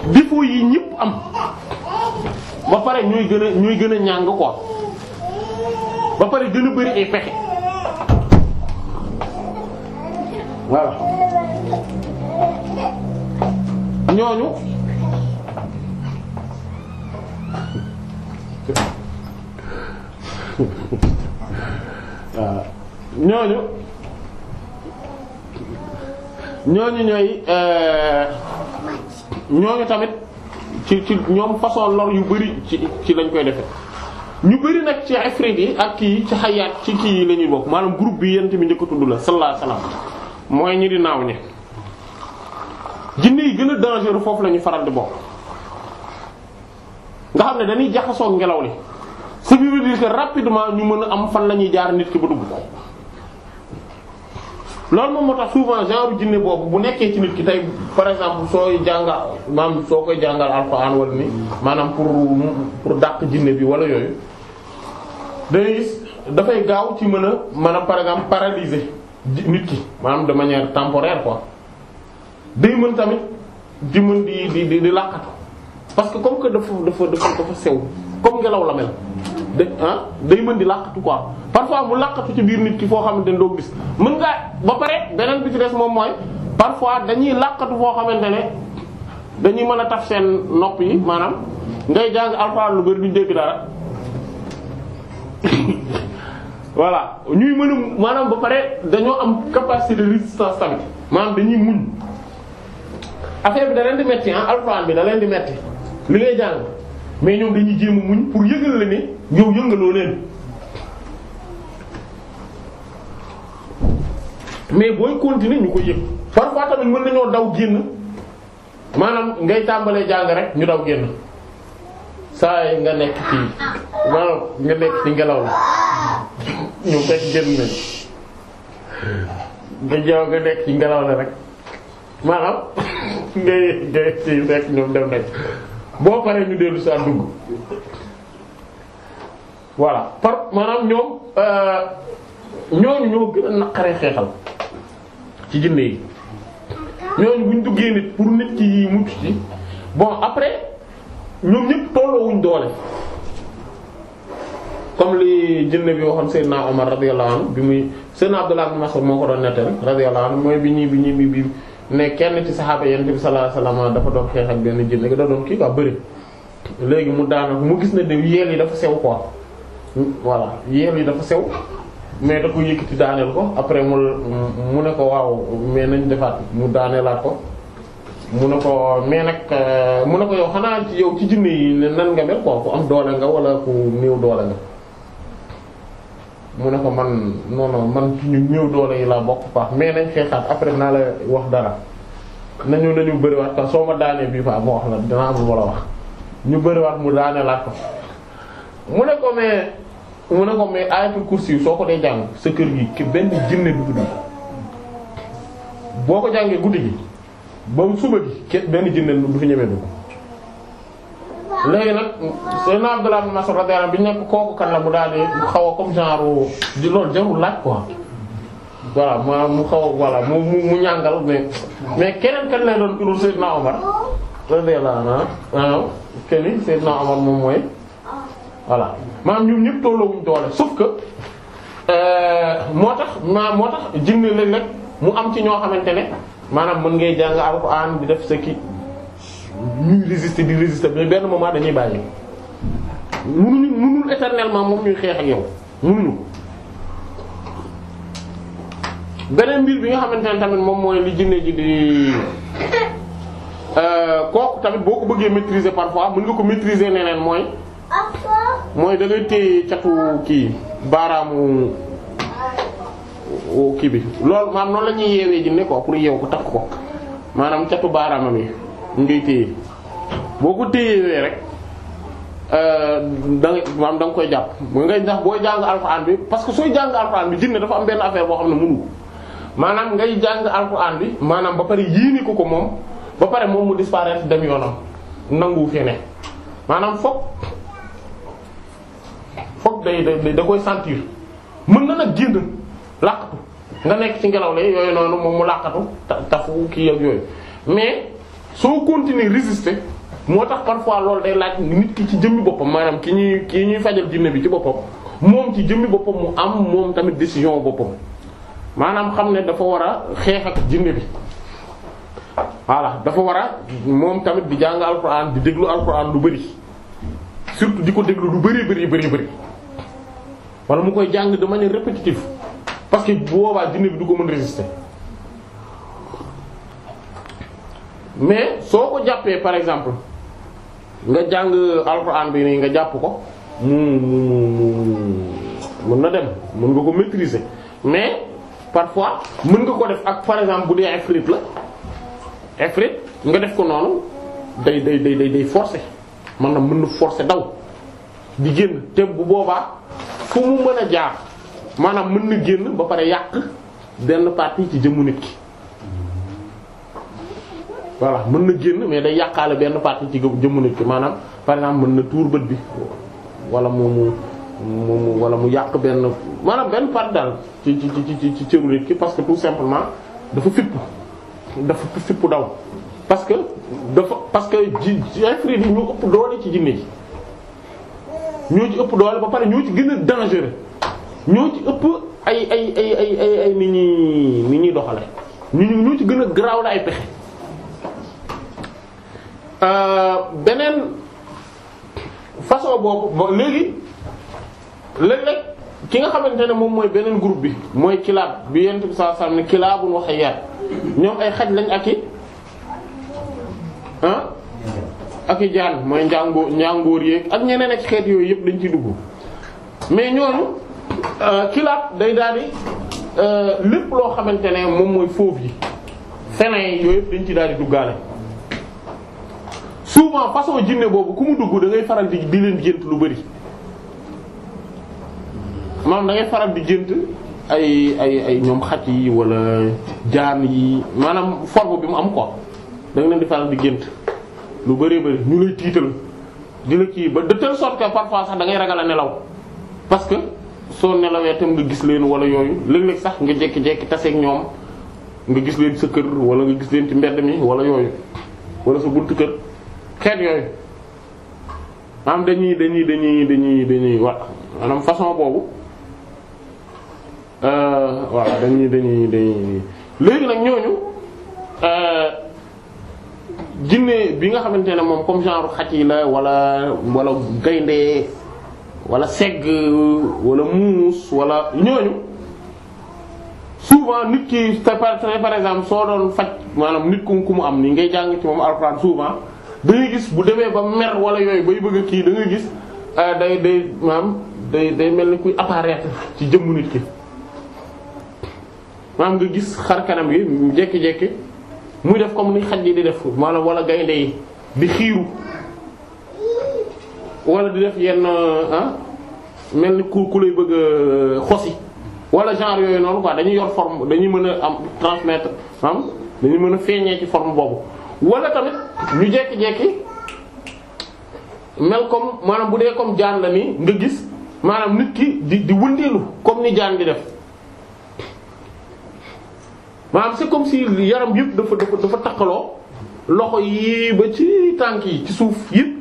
[SPEAKER 1] défaut yi ñëpp am ba pare ñuy gën a ñuy gën a ñàng quoi ba pare gën a bari pexe voilà ñooñu waaw ñooñu ñooñu euh, ñooñu tamit ci ci ñoom façon lor yu bari ci ci lañ koy defe ñu bëri nag ci ifrit yi ak kii ci xayaat ci kii yi lañuy ñuy bokk maanaam groupe bi yent bi njëkk tudd la salaa alayhi mooy ñi di naaw ñi jinne yi gën a foofu lañuy faral di bokk nga xam ne dañuy jaxasoo ngelaw li ce qui veut dire que rapidement ñu mën a am fan la ñuy jaar nit ki ba dugg loolu moom moo tax souvent genre jinne boobu bu nekkee ci nit ki tey par exemple sooy jàngal maam soo koy jàngal alxuraan wala ni maanaam pour pour dàq jinne bi wala yooyu day gis dafay gaaw ci mën a maanaam par exemple paralyser nit ki maanaam de manière temporaire quoi day mën tamit di mën di di di di làqatu parce que comme que dafa dafa dafa dafa sew comme ngelaw la mel de ah day mën di làqatu quoi parfois mu làqatu ci biir nit ki foo xamante ni doo gis mën ngaa ba pare beneen bi ci des moom mooy parfois dañuy làqatu foo xamante ne dañuy mën a taf seen nopp yi maanaam ngay jàng alxuraan lu bari duñ dara. voilà ñuy mën a maanaam ba pare dañoo am capacité de résistance tamit maanaam dañuy muñ affaire bi da leen di metti ah alxuraan bi da di metti li ngay jàng mais ñoom dañuy jéem a muñ pour yëgal la ne yow yëngaloo leen mais booy continuer ñu ko yëg parfois tamit mën nañoo daw génn maanaam ngay tàmbalee jàng rek ñu daw génn. saa nga nekk ci ah. waaw nga nekk ci ngelaw la ñu fekk jën nañ nga jaw nga nekk ci ngelaw la rek maanaam ngay ngay ci fekk ñoom dem nañ boo paree ñu dellu saa dugg voilà par euh, duggee nit pour nit ki mucc ci bon après ñoom ñëpp tolloowuñ doole comme li jinne bi waxoon Seydina Omar radiyallahu anhu bi muy Seydina Abdullah ibn Mas'ud moo ko doon nettal radiyallahu anhu mooy bi ñuy bi ñuy bi ne kenn ci saxaaba yonent bi sallallahu alayhi dafa doon xeex ak benn jinne da doon kii quoi bëri léegi mu daanaka mu gis ne de yeel yi dafa sew quoi voilà yeel yi dafa sew mais da ko ci daaneel ko après mu mu ne ko waaw mais nañ defaat mu daaneelaat ko. mu ne ko mais nag euh, mu ne ko yow xanaa ci yow ci jinne yi nan nga mel quoi ku am doole nga wala ku néew doole nga mu ne ko man non non man ci ñu néew doole yi laa bokk paax mais nañ xeexaat après naa la wax dara nañu nañu bëriwaat quoi soo ma daanee bii fa ma wax la dinaa am lu la wax ñu bëriwaat mu daane laat ko mu ne ko mais mu ne ko mais ayatul kursi soo ko dee jàng sa kër gi ki benn jinne du ko boo ko jàngee guddi gi ba mu suba gi kenn benn jëndal du fi ñemee dugg léegi nag seen Abdullah ibn Mas'ud radiyallahu anhu bi nekk kooku kan la mu daal di xaw a comme genre di loolu jarul mu xaw a voilà mu mu ñàngal mais mais keneen kan lay doon tudd Seydina Omar radiyallahu anhu keneen ah, moom mooy voilà maanaam ñun ñëpp tolloowuñ doole sauf que euh, moo tax moo tax jinne la nag mu am ci ñoo xamante ne. maanaam mën ngay jàng alxuraan di def sa kii ñuy résister di résister mais benn moment dañuy bàyyi munuñu munul éternellement moom ñuy xeex ak yow munuñu beneen mbir bi nga xamante ne tamit moom mooy li jinne ji ko euh, kooku tamit boo ko bëggee maîtriser parfois mën nga ko maîtriser neneen mooy mooy da ngay téye catu kii baaraamu kii bi loolu maam noonu la ñuy yeewee jinne ko pour yeew ko takk ko maanaam catu baaraamam yi ngay téye boo ko téyewee rek euh, da nga maam da koy jàpp mu ngay ndax booy jàng alxuraan parce que sooy jàng alxuraan bi jinne dafa am benn affaire boo xam ne mënu maanaam ngay jàng alxuraan bi maanaam ba pare yéene ko ko moom ba pare moom mu dem yoonam nangu maanaam foog foog day mën na nag génn làqatu nga nekk ci ngelaw la yooyu noonu moom mu làqatu tafu kii ki yooyu mais soo continuer résister moo tax parfois loolu day laaj nit ki ci jëmmi boppam maanaam ki ñuy ki ñuy fajal jinne bi ci boppam moom ci jëmmi boppam mu am moom tamit décision boppam maanaam xam ne dafa war a xeex ak jinne bi voilà dafa war a moom tamit di jàng alxuraan di déglu alxuraan lu bari surtout di ko déglu lu bëri bari bari bari mu koy jàng de manière répétitive parce que boobaa jinne bi du ko mën résister mais soo ko jàppee par exemple nga jàng alxuraan bi nii nga jàpp ko mu mu mun na dem mën nga ko maîtriser mais parfois mën nga ko def ak par exemple bu dee ifrit la ifrit nga def ko noonu day day day day forcer maanaam mën na forcer daw di génn te bu boobaa fu mu mën a jaar. maanaam mën na génn ba pare yàq benn partie ci jëmmu nit ki voilà mën na génn mais day yàqaale benn partie ci jëmmu nit ki maanaam par exemple mën na tuur bët bi wala mu mu mu wala mu yàq benn maanaam benn part dal ci ci ci ci cëru nit ki parce que tout simplement dafa fipp dafa fipp daw parce que dafa parce que ji ifrit yi ñu ëpp doole ci jinne yi ñoo ci ëpp doole ba pare ñoo ci gën a dangereux ñoo ci ëpp ay ay ay ay ay ay ni ñuy ñuy doxale ñu ñu ñoo ci gën a garaaw la ay pexe euh, beneen façon boobu léegi léeg-léeg ki nga xamante ne moom mooy beneen groupe bi mooy kilaab bi yent bi saa saa ne kilaabul waxe yaar ñoom ay xaj lañ ak i ah ak i jaan mooy njàngoo njàngoor yee ak ñeneen ak xeet yooyu yëpp dañ ci dugg mais ñooñu Euh, kilaab day daal di euh, lépp loo xamante ne moom mooy foofu yi feneen yooyu yëpp dañ ci daal di duggaale souvent façon jinne boobu ku mu dugg da faral di di leen gént lu bari maanaam da ngay faral di ay ay ay ñoom yi wala jaan yi maanaam forme bi mu am ko da nga leen di faral di gént lu bari bari ñu lay tiital di la kii ba de telle sorte parfois sax da ragal a nelaw parce soo nelawee tam nga gis leen wala yooyu léeg-léeg sax nga jékki-jékki taseeg ñoom nga gis leen sa kër wala nga gis leen ci mbedd mi wala yooyu wala sa buntu kër xeet yooyu maanaam dañuy dañuy dañuy dañuy dañuy wa façon boobu voilà euh, dañuy dañuy dañuy léegi nag ñooñu euh, jinne bi nga xamante ne moom comme genre xaj yi la wala wala gaynde wala segg wala muus wala ñooñu souvent nit ki te par exemple soo doon faj maanaam nit ku ku mu am ni ngay jàng ci moom alxuraan souvent da gis bu demee ba mer wala yooyu bay bëgg kii da gis ah, day day maanaam day day mel ni kuy apparaître ci jëmmu nit ki maanaam nga gis xar kanam yi jekki-jekki muy def comme ni xaj yi di def maanaam wala gaynde yi di xiiru wala di def yenn euh, ah mel ni ku ku lay bëgg a euh, xosi wala genre yooyu noonu quoi dañuy yor forme dañuy mën a am transmettre am ah, dañu mën a feeñee ci form boobu wala tamit ñu jekki-jekki mel comme maanaam bu dee comme jaan la ni nga gis maanaam nit ki di di wëndeelu comme ni jaan di def maanaam c'est comme si yaram yëpp dafa dafa dafa takkaloo loxo yi ba ci tànk yi ci suuf yëpp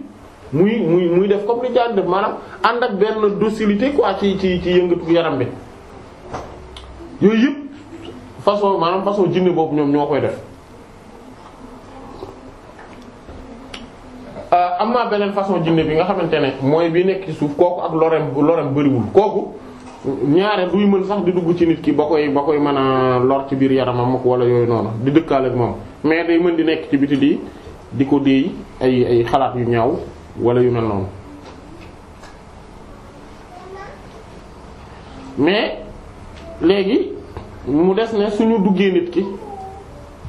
[SPEAKER 1] muy muy muy def comme li jaan maanaam ànd ak benn docilité ko ci ci yëngatu yaram bi yooyu yëpp façon maanaam façon jinne boobu ñoom ñoo koy def ah, am naa beneen façon jinne bi nga xamante ne mooy bi nekk ci suuf kooku ak lorem lorem bëriwul kooku ñaare duy mën sax di dugg ci nit ki ba koy ba koy mën a lor ci biir yaramam ak wala yooyu noonu di dëkkaale moom mais day mën di nekk ci biti di di ko déey ay ay xalaat yu ñaw wala yu mel noonu mais léegi mu des ne suñu duggee nit ki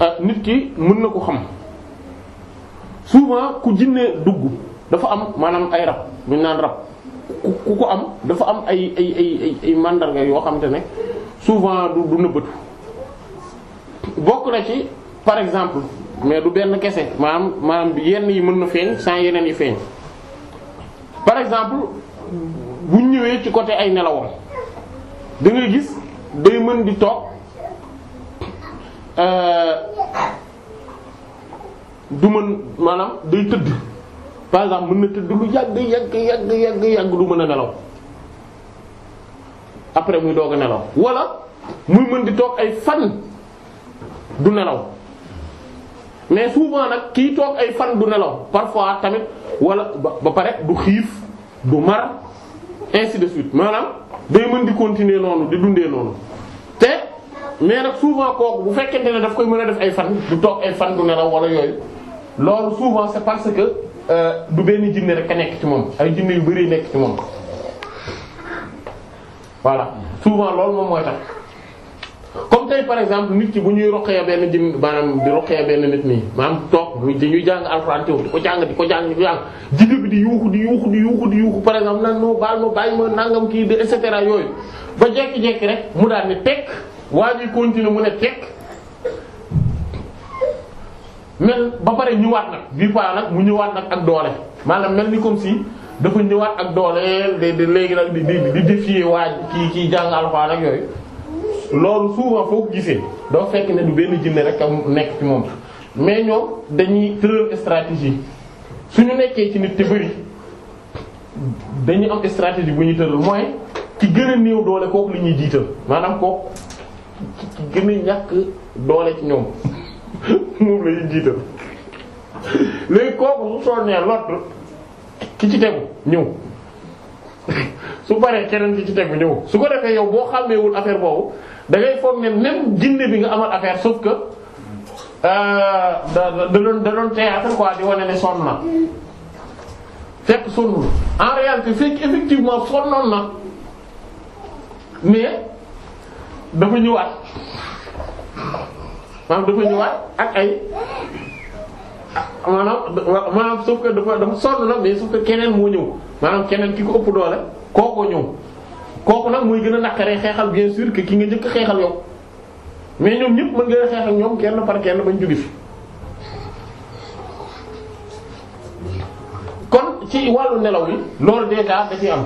[SPEAKER 1] ah, nit ki mën na ko xam souvent ku jinne dugg dafa am maanaam ay rab bu ñu naan rab ku ko am dafa am ay ay ay ay mandarga yoo xam te ne souvent du du nëbbatu bokk na ci par exemple mais du benn kese maam maanaam yenn yi mën na feeñ sans yeneen yi feeñ par exemple bu ñëwee ci côté ay nelawam da ngay gis day mën di toog euh, du mën maanaam day tëdd par exemple mën na tëdd lu yàgg yàgg yàgg yàgg yàgg du mën a nelaw après muy doog a nelaw wala muy mën di toog ay fan du nelaw. mais souvent nag kii toog ay fan du nelaw parfois tamit wala ba pare du xiif du mar ainsi de suite maanaam day mën di continuer noonu di dundee noonu te mais nag souvent kooku bu fekkente ne daf koy mën a def ay fan du toog ay fan du nelaw wala yooyu loolu souvent c'est parce que euh, du benn jinne rek a nekk ci moom ay jinne yu bari nekk ci moom voilà souvent loolu moom mooy tax. comme tey par exemple nit ki bu ñuy roqee benn jinn maanaam di roqee benn nit nii maanaam toog di ñuy jàng alxuraan teew di ko jàng di ko jàng di ko jàng jinne bi di yuuxu di yuuxu di yuuxu di yuuxu par exemple nan noo baal ma bàyyi ma nangam kii de et cetera yooyu ba jekki-jekki rek mu daal ne tekk waa ji continuer mu ne tekk mel ba pare ñëwaat nag bii paa nag mu ñëwaat nag ak doole maanaam mel ni comme si dafa ñëwaat ak doole de de léegi nag di di di défier waa kii kii jàng alxuraan ak yooyu loolu souvent foo ko gisee doo fekk ne du benn jinne rek am nekk ci moom mais ñoom dañuy tëral stratégie suñu nekkee ci nit te bëri dañuy am stratégie bu ñuy tëral mooy ci gën a néew doole kooku la ñuy jiital maanaam kooku ki gën a ñàkk doole ci ñoom moom la ñuy jiital kooku su soññee lot ki ci tegu ñëw. su paree keneen ki ci tegu ñëw su ko defee yow boo xàmmeewul affaire boobu da ngay foog ne même jinne bi nga amal affaire sauf que euh, da da doon da doon théâtre quoi di wane ne sonn na fekk sonnul en réalité fekk effectivement sonnoon na mais dafa ñëwaat maanaam dafa ñëwaat ak ay maanaam maanaam sauf que dafa dafa sonn na mais sauf que keneen moo ñëw. maanaam keneen ki ko ëpp doole kooku ñëw kooku nag muy gën a naqaree xeexal bien sûr que ki nga njëkk xeexal yow mais ñoom ñépp mën nga xeexal ñoom kenn par kenn bañ jóge fi kon ci wàllu nelaw yi loolu déjà da ciy am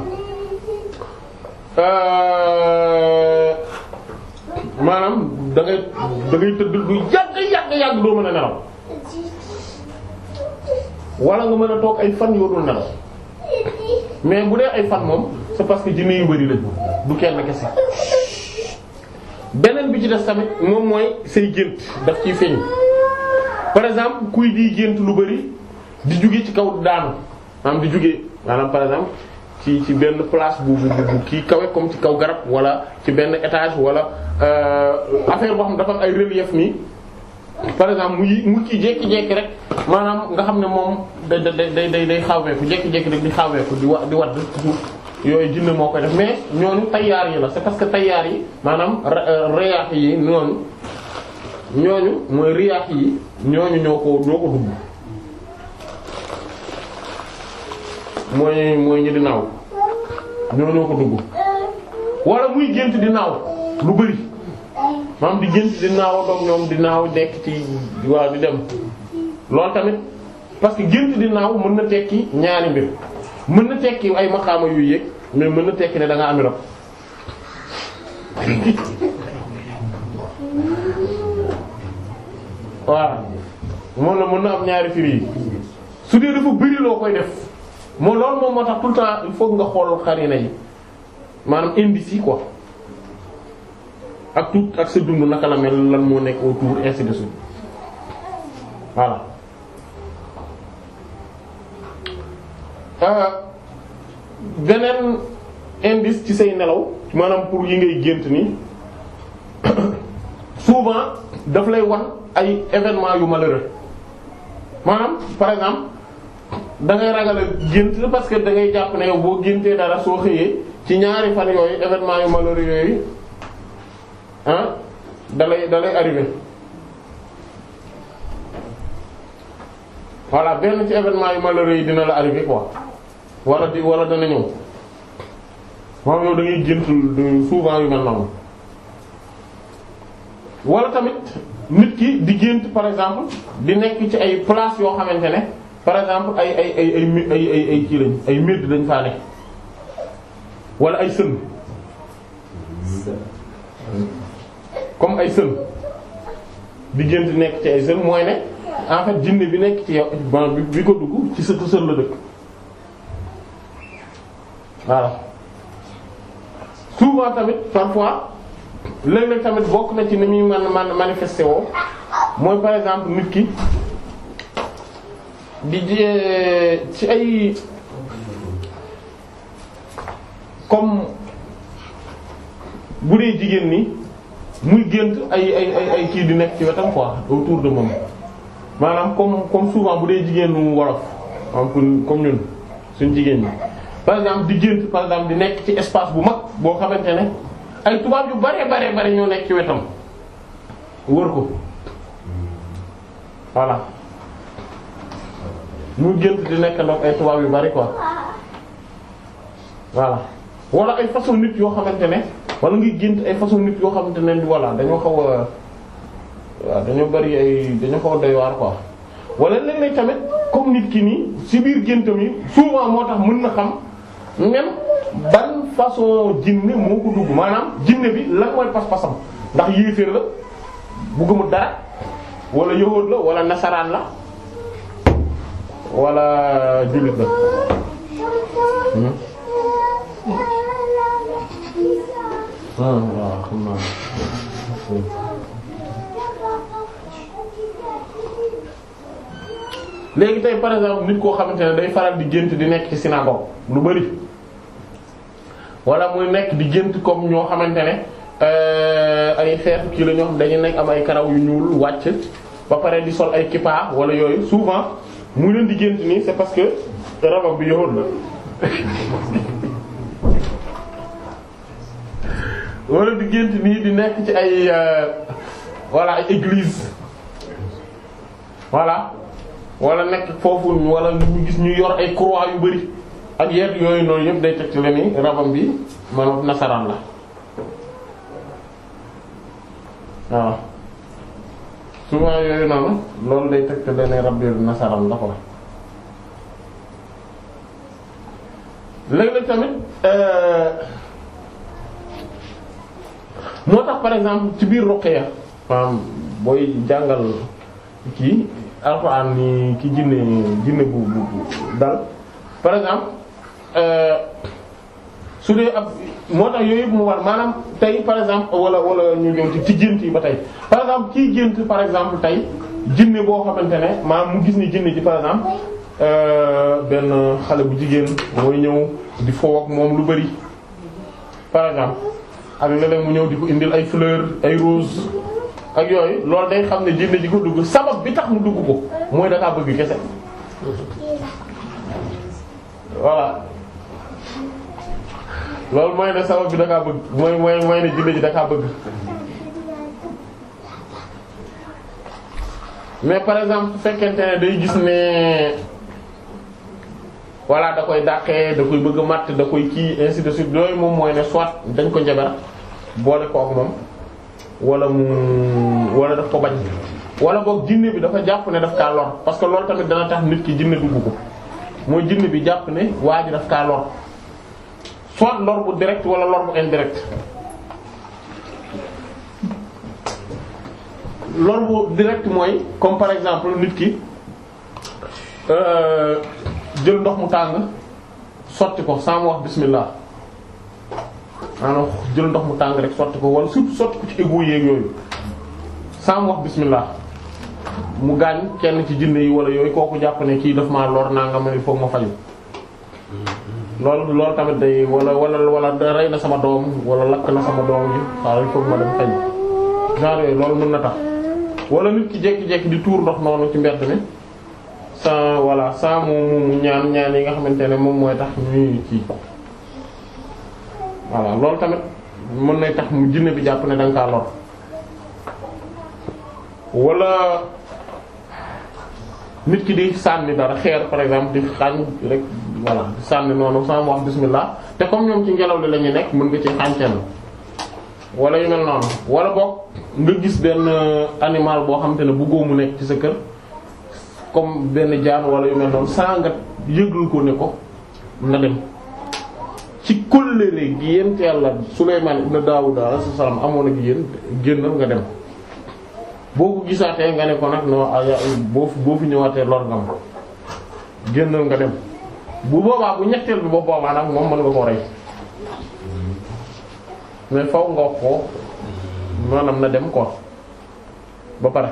[SPEAKER 1] euh, maanaam da ngay da ngay tëdd du yàgg yàgg yàgg doo mën a nelaw wala nga mën a toog ay fan yoo nelaw mais bu dee ay fan moom c'est parce que jinne yu bari lañ du kenn kese beneen bi ci des tamit moom mooy say gént daf ciy feeñ par exemple kuy di gént lu bari di juge ci kaw daanu maanaam di jóge maanaam par exemple ci ci benn place bu bu bu comme ci kaw garab wala ci benn étage wala euh, affaire boo xam dafa am ay relief nii par exemple mu mu ci jékki-jékki rek maanaam nga xam ne moom day day day day xaaweeku jékki-jékki rek di xaaweeku di wax di wadd toujours yooyu jinne moo koy def mais ñooñu tayaar yi la c'est parce que tayaar yi maanaam euh, riyaax yi noonu ñooñu mooy riyaax yi ñooñu ñoo ko ñoo mooy mooy ñi di naaw ñoo ñoo ko dugg wala muy gént di naaw lu bari maam di gént di naaw doog ñoom di naaw nekk ci waaw di dem loolu tamit parce que gént di naaw mën na tekki ñaari mbir mën na tekki ay maqaama yuy yéeg mais mën na tekki ne da nga am waaw mën na mën na am ñaari firi su dee dafa bëri loo koy def moo loolu moom moo tax tout le temps il faut nga xool xarina yi maanaam indi ko ak tout ak sa dund naka la mel lan moo nekk autour ainsi de suite voilà euh, beneen indice ci say nelaw maanaam pour yi ngay gént nii souvent daf lay wax ay événements yu malheureux maanaam par exemple da ngay ragal a gént parce que da ngay jàpp ne yow boo géntee dara soo xëyee ci ñaari fan yooyu événements yu malheureux yooyu ah dalay dalay arrivé voilà benn ci événement yu malheureux yi dina la arrivé quoi wala di wala dana ñëw moom yow da ngay géntul souvent yu mel noonu wala tamit nit ki di gént par exemple di nekk ci ay place yoo xamante ne par exemple ay ay ay ay ay ay ay kii lañ ay dañ faa nekk wala ay sën comme ay sën di gént nekk ci ay sën mooy ne en fait jinne bi nekk ci yow bi ko dugg ci sëtu sën la dëkk voilà souvent tamit parfois léeg-léeg tamit bokk na ci ni muy man man manifesté woo mooy par exemple nit ki di ci ay comme bu dee jigéen nii muy gént ay ay ay kii di nekk ci wetam quoi autour de moom maanaam comme comme souvent bu dee jigéenu wolof am comme ñun suñ jigéen ñi par exemple di gént par exemple di nekk ci espace bu mag boo xamante ne ay tubaab yu bare bare bare ñoo nekk ci wetam wër ko voilà muy gént di nekk ndox ay tubaab yu bari quoi voilà wala ay façon nit yoo xamante ne wala ngay gént ay façon nit yoo xamante ne voilà dañoo xaw a dañoo bari ay dañoo xaw a doy waar quoi wala tamit comme nit ki nii si biir géntam yi souvent moo tax mën na xam même ban façon jinne moo ko dugg maanaam jinne bi lan mooy pas-pasam ndax yéeféer la bu gëmul dara wala yahuud la wala nasaraan la wala jullit la. Hmm? waaw waaw xam naa léegi tey par exemple nit koo xamante ne day faral di gént di nekk ci synagogue lu bari walla muy nekk di gént comme ñoo xamante ne euh, ay xeetu kii la ñoo xam dañu nekk am ay karaw yu ñuul wàcc ba pare di sol ay kippaa wala yooyu souvent muy leen di gént nii c'est parce que rabab bi yowoon la wala di gént nii di nekk ci ay euh, voilà ay église voilà wala nekk foofu wala ñu gis ñu yor ay croix yu bari ak yéen yooyu noonu yëpp day teg ci ni rabam bi maanaam nasaraan la waaw souvent yooyu noonu loolu day teg ci leneen rab bi nasaraan la quoi. léeg tamit. Euh, moo tax par exemple ci biir ruqya maanaam booy jàngal kii alxuraan ni ki jinne jinne bu bu dal par exemple euh, su dee ab moo tax yooyu yëpp mu war maanaam tey par exemple wala wala ñu ñëw ci ci gént yi ba tey par exemple kii gént par exemple tey jinne boo xamante ne maanaam mu gis ni jinne ji par exemple euh, benn xale bu jigéen mooy ñëw di foo ak moom lu bari par exemple ak léeg mu ñëw di ko indil ay fleur ay rose ak yooyu loolu day xam ne jinne ji ko dugg sabab bi tax mu dugg ko mooy da kaa bëgg kese voilà loolu mooy ne sabab bi da kaa bëgg mooy mooy mooy ne jinne ji da kaa bëgg mais par exemple fekkente ne day gis ne voilà da koy dàqee da koy bëgg a da koy kii ainsi de suite yooyu moom mooy ne soit dañ ko njabar boole kook moom wala mu wala daf ko bañ wala boog jinne bi dafa jàpp ne daf kaa lor parce que loolu tamit dana tax nit ki jinne dugg ko mooy jinne bi jàpp ne waa ji daf kaa lor soit lor bu direct wala lor bu indirect lor bu direct mooy comme par exemple nit ki. Euh, jël ndox mu tàng sotti ko saa mu wax bismillah jël ndox mu tàng rek sotti ko wala surtout sotti ko ci égout yooyu saa mu wax bismillah mu gaañ kenn ci jinne yi wala yooyu kooku jàpp ne kii daf maa lor naa nga ma il faut ma faju loolu loolu tamit day wala wala wala rey na sama doom wala lakk na sama doom yi waaw il faut ma dem faju genre yooyu mën na tax wala nit ki jékki-jékki di tuur ndox noonu ci mbedd mi. sans voilà sa moom mu ñaan ñaan yi nga xamante ne moom mooy tax ñuy ci voilà loolu tamit mën nay tax mu jinne bi jàpp ne da nga kaa lor wala nit ki di sànni dara xeer par exemple di xañ rek voilà sànni noonu sans wax bismillah te comme ñoom ci ngelaw li la nekk mën nga ci xànceen wala yu mel noonu wala boog nga gis benn euh, animal boo xam te ne bëggoo mu nekk ci sa kër comme benn jaan wala yu mel noonu saa nga yëglu ko ne ko na dem ci kóllëre gi yent yàlla Sulaymaan ibn Daawuud alayhi salaam amoon ak yéen génnal nga dem boo ko gisaatee nga ne ko nag non ah, ma génnal boobaa bu ñetteel bi boobu boobaa nag moom mën nga ko rey mais faw nga wax ko maanaam na dem ko ba pare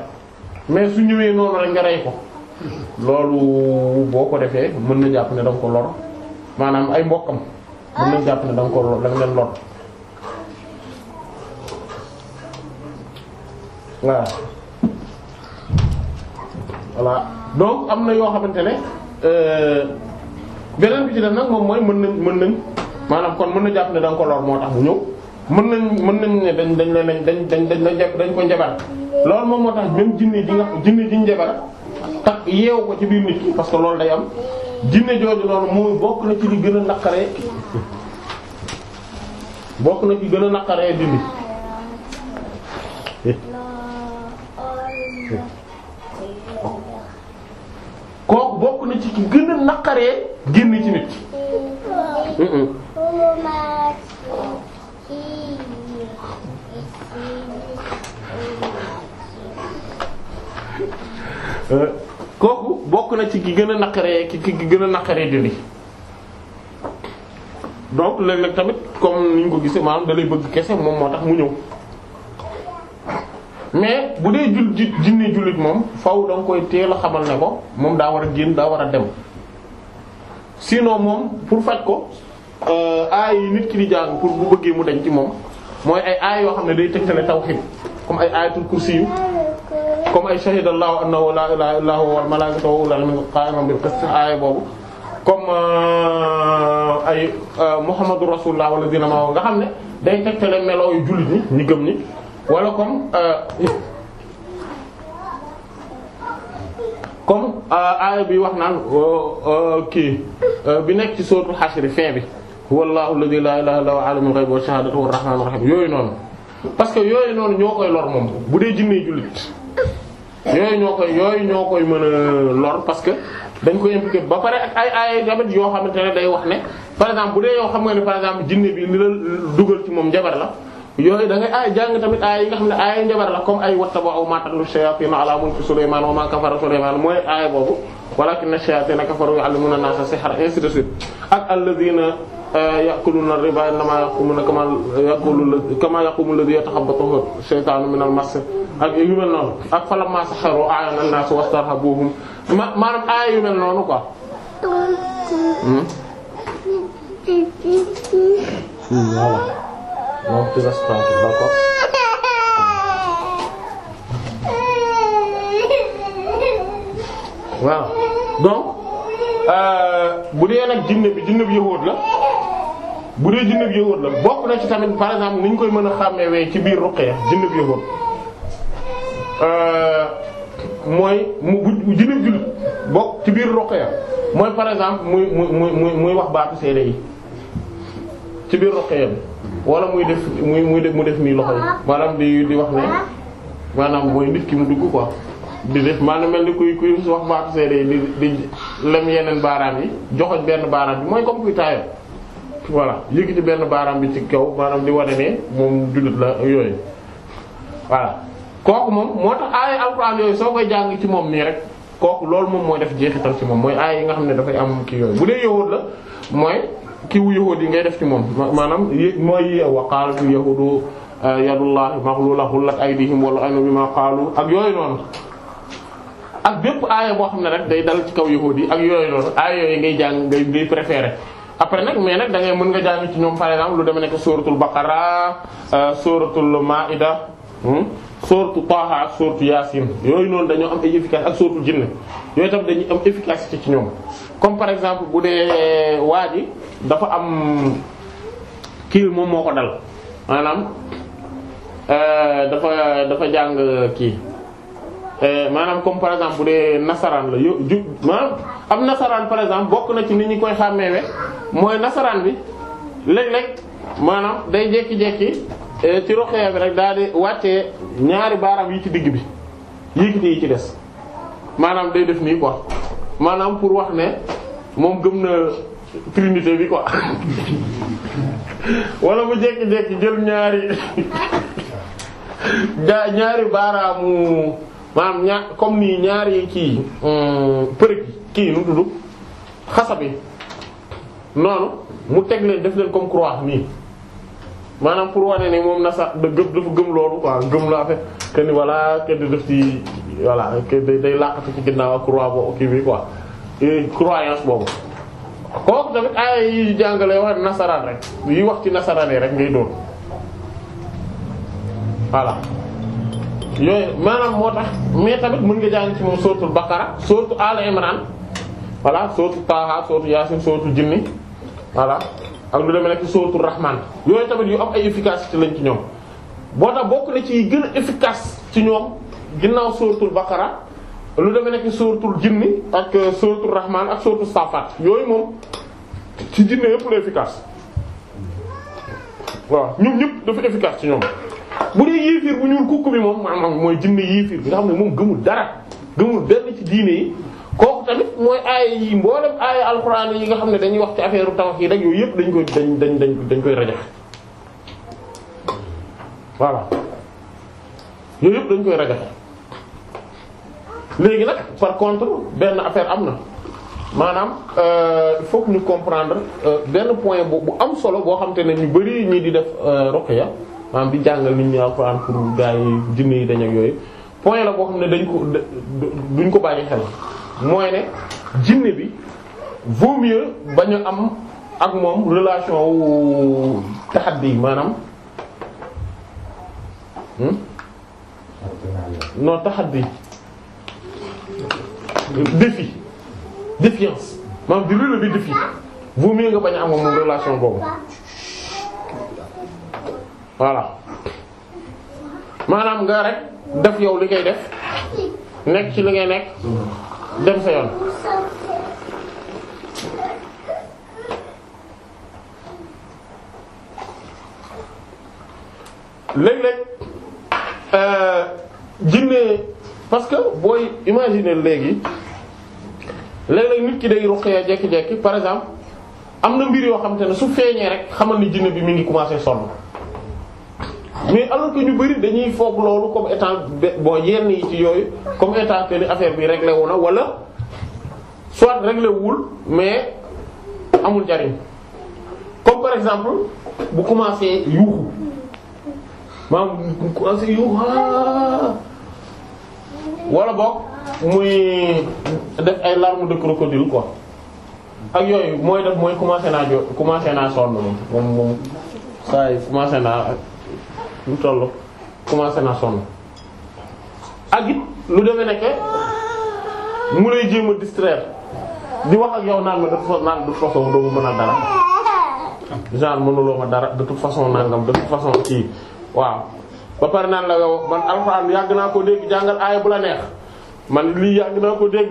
[SPEAKER 1] mais su ñëwee noonu rek nga rey ko. loolu boo ko defee mën na jàpp ne da ko lor maanaam ay mbokkam mën nañ jàpp ne da ko lor da nga leen lor waaw voilà donc am na yoo xamante ne euh, beneen bi ci def nag moom mooy mën nañ mën nañ maanaam kon mën na jàpp ne da ko lor moo tax mu ñëw mën nañ mën nañ ne dañ dañ leen dañ dañ dañ dañ ko njabar loolu moom moo tax même jinne ji nga jinne ji njabar tax yeewu ko ci biir nit ki parce que loolu day am jinne jooju noonu mooy bokk na ci li gën a naqaree bokk na ci gën a naqaree dindi kooku bokk na ci ki gën a naqaree génn ci nit kooku bokk na ci ki gën a naqaree ki ki gën a naqaree dindi donc léeg-léeg tamit comme ni ñu ko gisee maam dalay bëgg kese moom moo tax mu ñëw mais bu dee jul ji jinne jullit moom faw da nga koy teel a xamal ne ko moom daa war a génn daa war a dem sinon moom pour faj ko euh, aay yi nit ki di jàng pour bu bëggee mu dañ ci moom mooy ay aay yoo xam ne day tegtale tawhid comme ay aayatul kursi yu comme ay shahida allahu annahu la ilaha euh, euh, rasulullah wala dina ma nga xam ne day tegtale meloo yu jullit ñi ñi ni wala comme euh, comme bi wax naan kii bi nekk ci suratul hashr fin bi wallahu alladhi la ilaha illa huwa alimul shahadatu war rahmanur rahim yooyu noonu parce yooyu noonu ñoo koy lor moom bu dee jinne jullit yooyu ñoo koy yooyu ñoo koy mën a lor parce que dañ koy impliqué ba pare ay ay tamit yoo xamante ne day wax ne par exemple bu dee yoo xam nga ne par exemple jinne bi li la dugal ci moom njabar la. yooyu da ngay aay jàng tamit aay yi nga xam ne aay njabar la comme ay wattaba'u ma tatlu shayatin ala mulki Sulayman wa ma kafara Sulayman mooy aay boobu walakinna shayatina kafaru yu'allimuna an-nasa sihra ainsi de suite ak alladhina yaquluna riba innama yaqumuna kama yaqulu kama yaqumu alladhi yataxabbatuhu shaytaanu min al-mas ak yu mel noonu ak falamma saharu a'yana an-naas wastarhabuhum ma maanaam aaya yu mel noonu quoi. voilà donc ci restaurant bi d'accord. waaw donc bu dee nag jinne bi jinne bi yahuud la. bu dee jinne ak yëwoot la bokk na ci tamit par exemple ni ñu koy mën a xàmmewee ci biir ruqya jinne ak yëwoot euh, mooy mu bu jinne ak jullit bokk ci biir ruqya mooy par exemple muy muy muy muy wax baatu seede yi ci biir ruqya wala muy def muy muy def mu def nii loxo yi maanaam di di wax ne maanaam mooy nit ki mu dugg ko di def maanaam mel ni kuy kuy wax baatu seede yi di di lem yeneen baaraam yi joxoñ benn baaraam bi mooy comme kuy voilà yëkkati benn baaraam bi ci kaw baaraam di wane ne moom jullit la yooyu voilà kooku moom moo tax ay alxuraan yooyu soo koy jàng ci moom nii rek kooku loolu moom mooy def jeexital ci moom mooy ay yi nga xam ne dafay am kii yooyu bu dee yahuud la mooy kii wu yahuud yi ngay def ci moom maanaam mooy waqaalatu yahuudu ah, yadullahi maghlula ghullat aydihim wala anu bima qaalu ak yooyu noonu ak bépp aaya boo xam ne rek day dal ci kaw yahuud yi ak yooyu noonu aaya yooyu ngay jàng ngay ngay préféré après nag mais nag dangay mën nga jàng ci ñoom par exemple lu deme nekk suratul baqara euh, suratul maida hmm, suratul taha ak suratul yasin yooyu noonu dañoo am ay efficace ak suratul jinne yooyu tam dañuy am efficacité ci ñoom comme par exemple bu dee waa ji dafa am kii moom moo ko dal maanaam euh, dafa dafa jàng kii Euh, maanaam comme par exemple bu dee nasaraan la yo ju maanaam am nasaraan par exemple bokk na ci ni ñu koy xàmmeewe mooy nasaraan bi léeg-léeg maanaam day jékki-jékki euh, ci daal di wàccee ñaari baaraam yi ci digg bi yéegite yi ci des maanaam day def nii quoi maanaam pour wax ne moom gëm na trinité bi quoi wala mu jékki-jékki jël ñaari ñaari baaraamu. maanaam ñaar comme ni ñaari kii përëg kii nu dudd xasa bi noonu mu teg leen def leen comme croix nii maanaam pour wane ni moom na sax da gëm dafa gëm loolu quoi gëm la affaire que ni voilà que def voilà que day làqatu ci ginnaaw croix boobu boobu. kooku tamit ay yi jàngale wax nasaraan rek yi wax ci nasaraan yi rek ngay doon voilà. yooyu maanaam moo tax mais tamit mën nga jàng ci moom sooratul Baqara sooratul Al Imran voilà sooratul Taaha sooratul Yaasin sooratul Jinni voilà ak lu demee nekk sooratul Rahman yooyu tamit yu am ay efficacité lañ ci ñoom. boo tax bokk na ci gën ci ñoom ginnaaw sooratul Baqara lu demee nekk sooratul Jinni ak euh, sooratul Rahman ak sooratul Saafaat yooyu moom ci jinne yëpp la efficace waaw ñoom ñëpp dafa efficace ci ñoom. bu dee yéefir bu ñuul kukk bi moom maanaam mooy jinne yéefir bi nga xam ne moom gëmul dara gëmul benn ci diine yi kooku tamit mooy aaya yi mboolem aaya alxuraan yi nga xam ne dañuy wax ci affaire tawhid rek yooyu yëpp dañ koy dañ dañ dañ dañ koy rajax voilà yooyu yëpp dañ koy rajax léegi nag par contre benn affaire am na maanaam euh, il faut comprendre euh, benn point bu am solo boo xam te ne ñu bari ñi di def euh, ruqya maanaam di jàngal nit ñi alxuraan pour gars yi jinne yi dañ ak yooyu point la boo xam ne dañ ko duñ ko bàyyi xel mooy ne jinne bi vaut mieux bañ am ak moom relation wu taxaddi maanaam hmm? non taxaddi défi défiance maanaam di relever défi vaut mieux nga bañ am moom relation boobu voilà maanaam nga rek def yow li ngay def nekk ci li ngay nekk dem sa yoon léeg-léeg euh, jinne parce que booy imaginer léegi léeg-léeg nit ki day ruqee jekki-jekki par exemple am na mbir yoo xamante ne su feeñee rek xamal ni jinne bi mu ngi commencer sonn mais alors que ñu bari dañuy foog loolu comme état bon yenn yi ci yooyu comme état que ni bi réglé wu na wala soit réglé mais amul jariñ comme par exemple bu commencé yuuxu maanaam bu commencé yuuxu ah. wala boog muy def ay larmes de crocodile quoi ak yooyu mooy def mooy commencé naa jo commencé naa sonn moom moom moom saa yi commencé naa. lu toll commencé na sonn ak it lu demee nekke mu lay jéem a distraire di wax ak yow naan ma de façon naan mën a dara genre mënuloo ma dara de toute façon nangam de façon kii waaw ba pare naan la yow man alxuraan yàgg naa ko dégg jàngal aaya bu la neex man lii yàgg naa ko dégg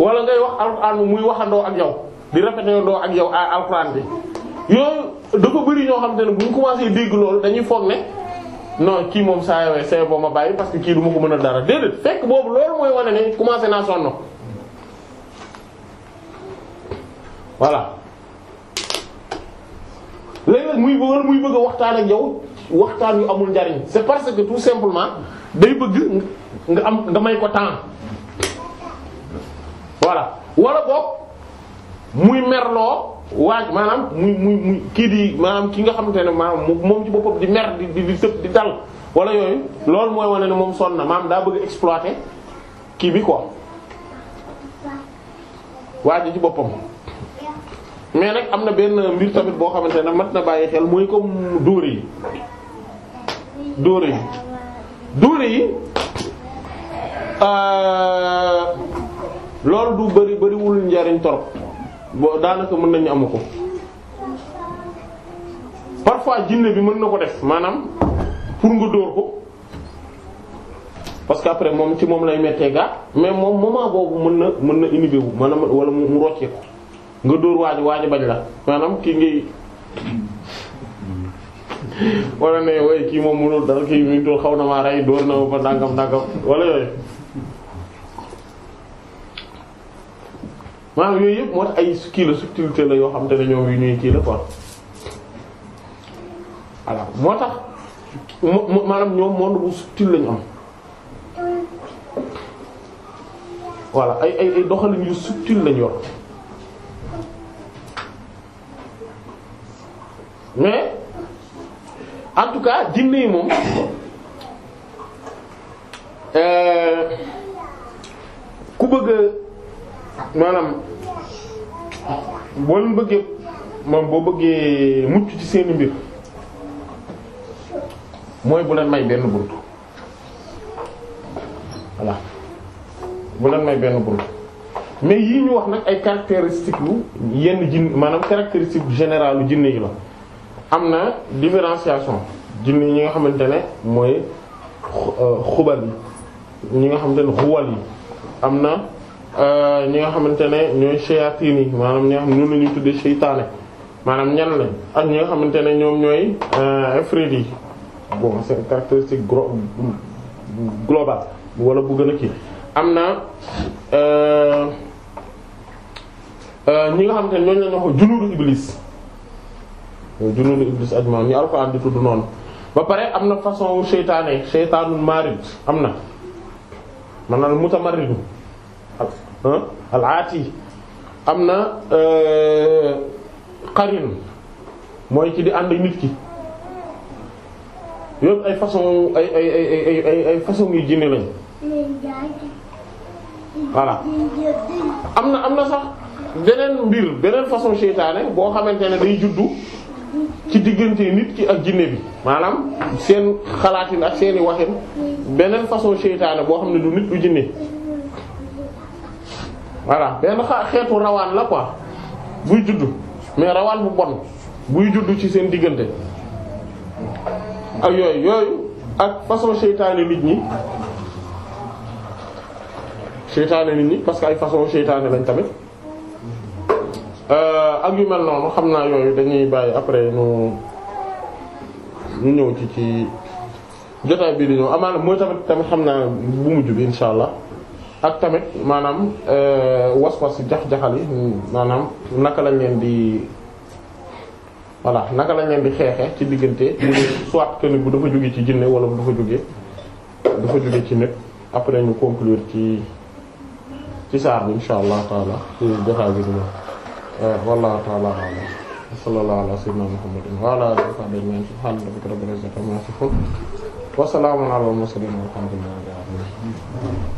[SPEAKER 1] wala ngay wax alxuraan muy waxandoo ak yow di répété ak yow ay alxuraan bi yooyu dafa bari ñoo xam te ne bu ñu dégg loolu dañuy foog ne. non kii moom saa yowee saa ma bàyyi parce que kii du ma ko mën a dara déedéet fekk boobu loolu mooy wane ne commencé naa sonn voilà léeg muy bëgg a waxtaan ak yow waxtaan yu amul njariñ c'est parce que tout simplement day bëgg am nga ko temps voilà wala boog muy merloo. waaj maanaam muy muy muy kii di maanaam ki nga xamante ne maanaam moom ci boppam di mer di di di dal wala yooyu loolu mooy wane na moom sonn na maanaam daa bëgg exploiter kii bi quoi waaj ci boppam. mais nag am na benn tamit boo xamante ne mat na bàyyi xel mooy comme dóore yi dóore yi dóore yi euh, loolu du bari bariwul njariñ torop boo daanaka mën nañu amu ko parfois jinne bi mën na ko def maanaam pour nga dóor ko parce que après moom ci moom lay méttee gaa mais moom moment boobu mën na mën na inhiber bu maanaam wala mu roccee ko nga dóor waaji waaji bañ la maanaam kii ngay wala ne waaye kii moom mënul dara kii mi xaw na maa rey dóor na ba dàngam dàngam wala yooyu maanaam yooyu yëpp moo tax ay kii la subtilité la yoo xam te ne ñoom yu ñuy kii la quoi voilà moo tax maanaam ñoom monde bu subtil lañu am voilà ay ay doxalin yu subtil lañ yor mais en tout cas jinne yi moom euh, ku bëgg maanaam boo leen bëggee moom boo bëggee mucc ci seeni mbir mooy bu leen may benn bunt voilà bu leen may benn bunt mais yi ñu wax nag ay caractéristiques yu yenn jinn maanaam caractéristique générale u jinne yi la am na différenciation jinne yi ñi nga xamante ne mooy euh, xubal yi ñi nga xamante ne xuwal yi am na Euh, ñi nga xamante ne ñooy shayatin yi maanaam ñi nga xam ne ñoom la ak ñi nga xamante ne ñoom ñooy euh, ifrit yi bon c'est caractéristique global wala bu gën a am na euh, ñi nga xamante ne ñooñu la ñu wax junuudu iblis junuudu moom ajmaam ñi alxuraan di tudd noonu ba pare am na façon wu seytaane seytaanul maarid am na maanaam mutamarridu al aati am na qarin euh, mooy ci di ànd ak nit ki façon ay ay ay ay voilà am na am na sax beneen mbir beneen façon seytaane boo xamante ne day juddu ci diggante nit ki ak jinne bi maanaam seen xalaatin ak seeni waxin beneen façon seytaane boo xam ne du nit du jinne voilà benn xeetu rawaan la quoi buy juddu mais rawaan bu bon buy juddu ci seen diggante ak yooyu yooyu ak façon seytaane nit ñi seytaane nit ñi parce que ay façon seytaane lañ tamit euh, ak yu mel noonu xam naa yooyu dañuy bàyyi après ñu ñu ñëw ci ci jotaay bii di ñëw amaana mooy tamit tamit xam naa bu mujj bi insha allah ak tamit maanaam euh, was-was jax-jaxal yi maanaam naka lañ leen di voilà naka lañ leen di xeexee ci diggante bu soit que ni bu dafa jóge ci jinne wala bu dafa jóge dafa jóge ci nit après ñu conclure ci ci saar bi insha allah taala ci joxaa bi ñu euh, wallahu taala ala sallallahu ala sayyidina muhammadin wa ala alihi wa sahbihi man subhana rabbika rabbil izzati amma yasifun wa salamun ala al mursalin walhamdulillahi rabbil alamin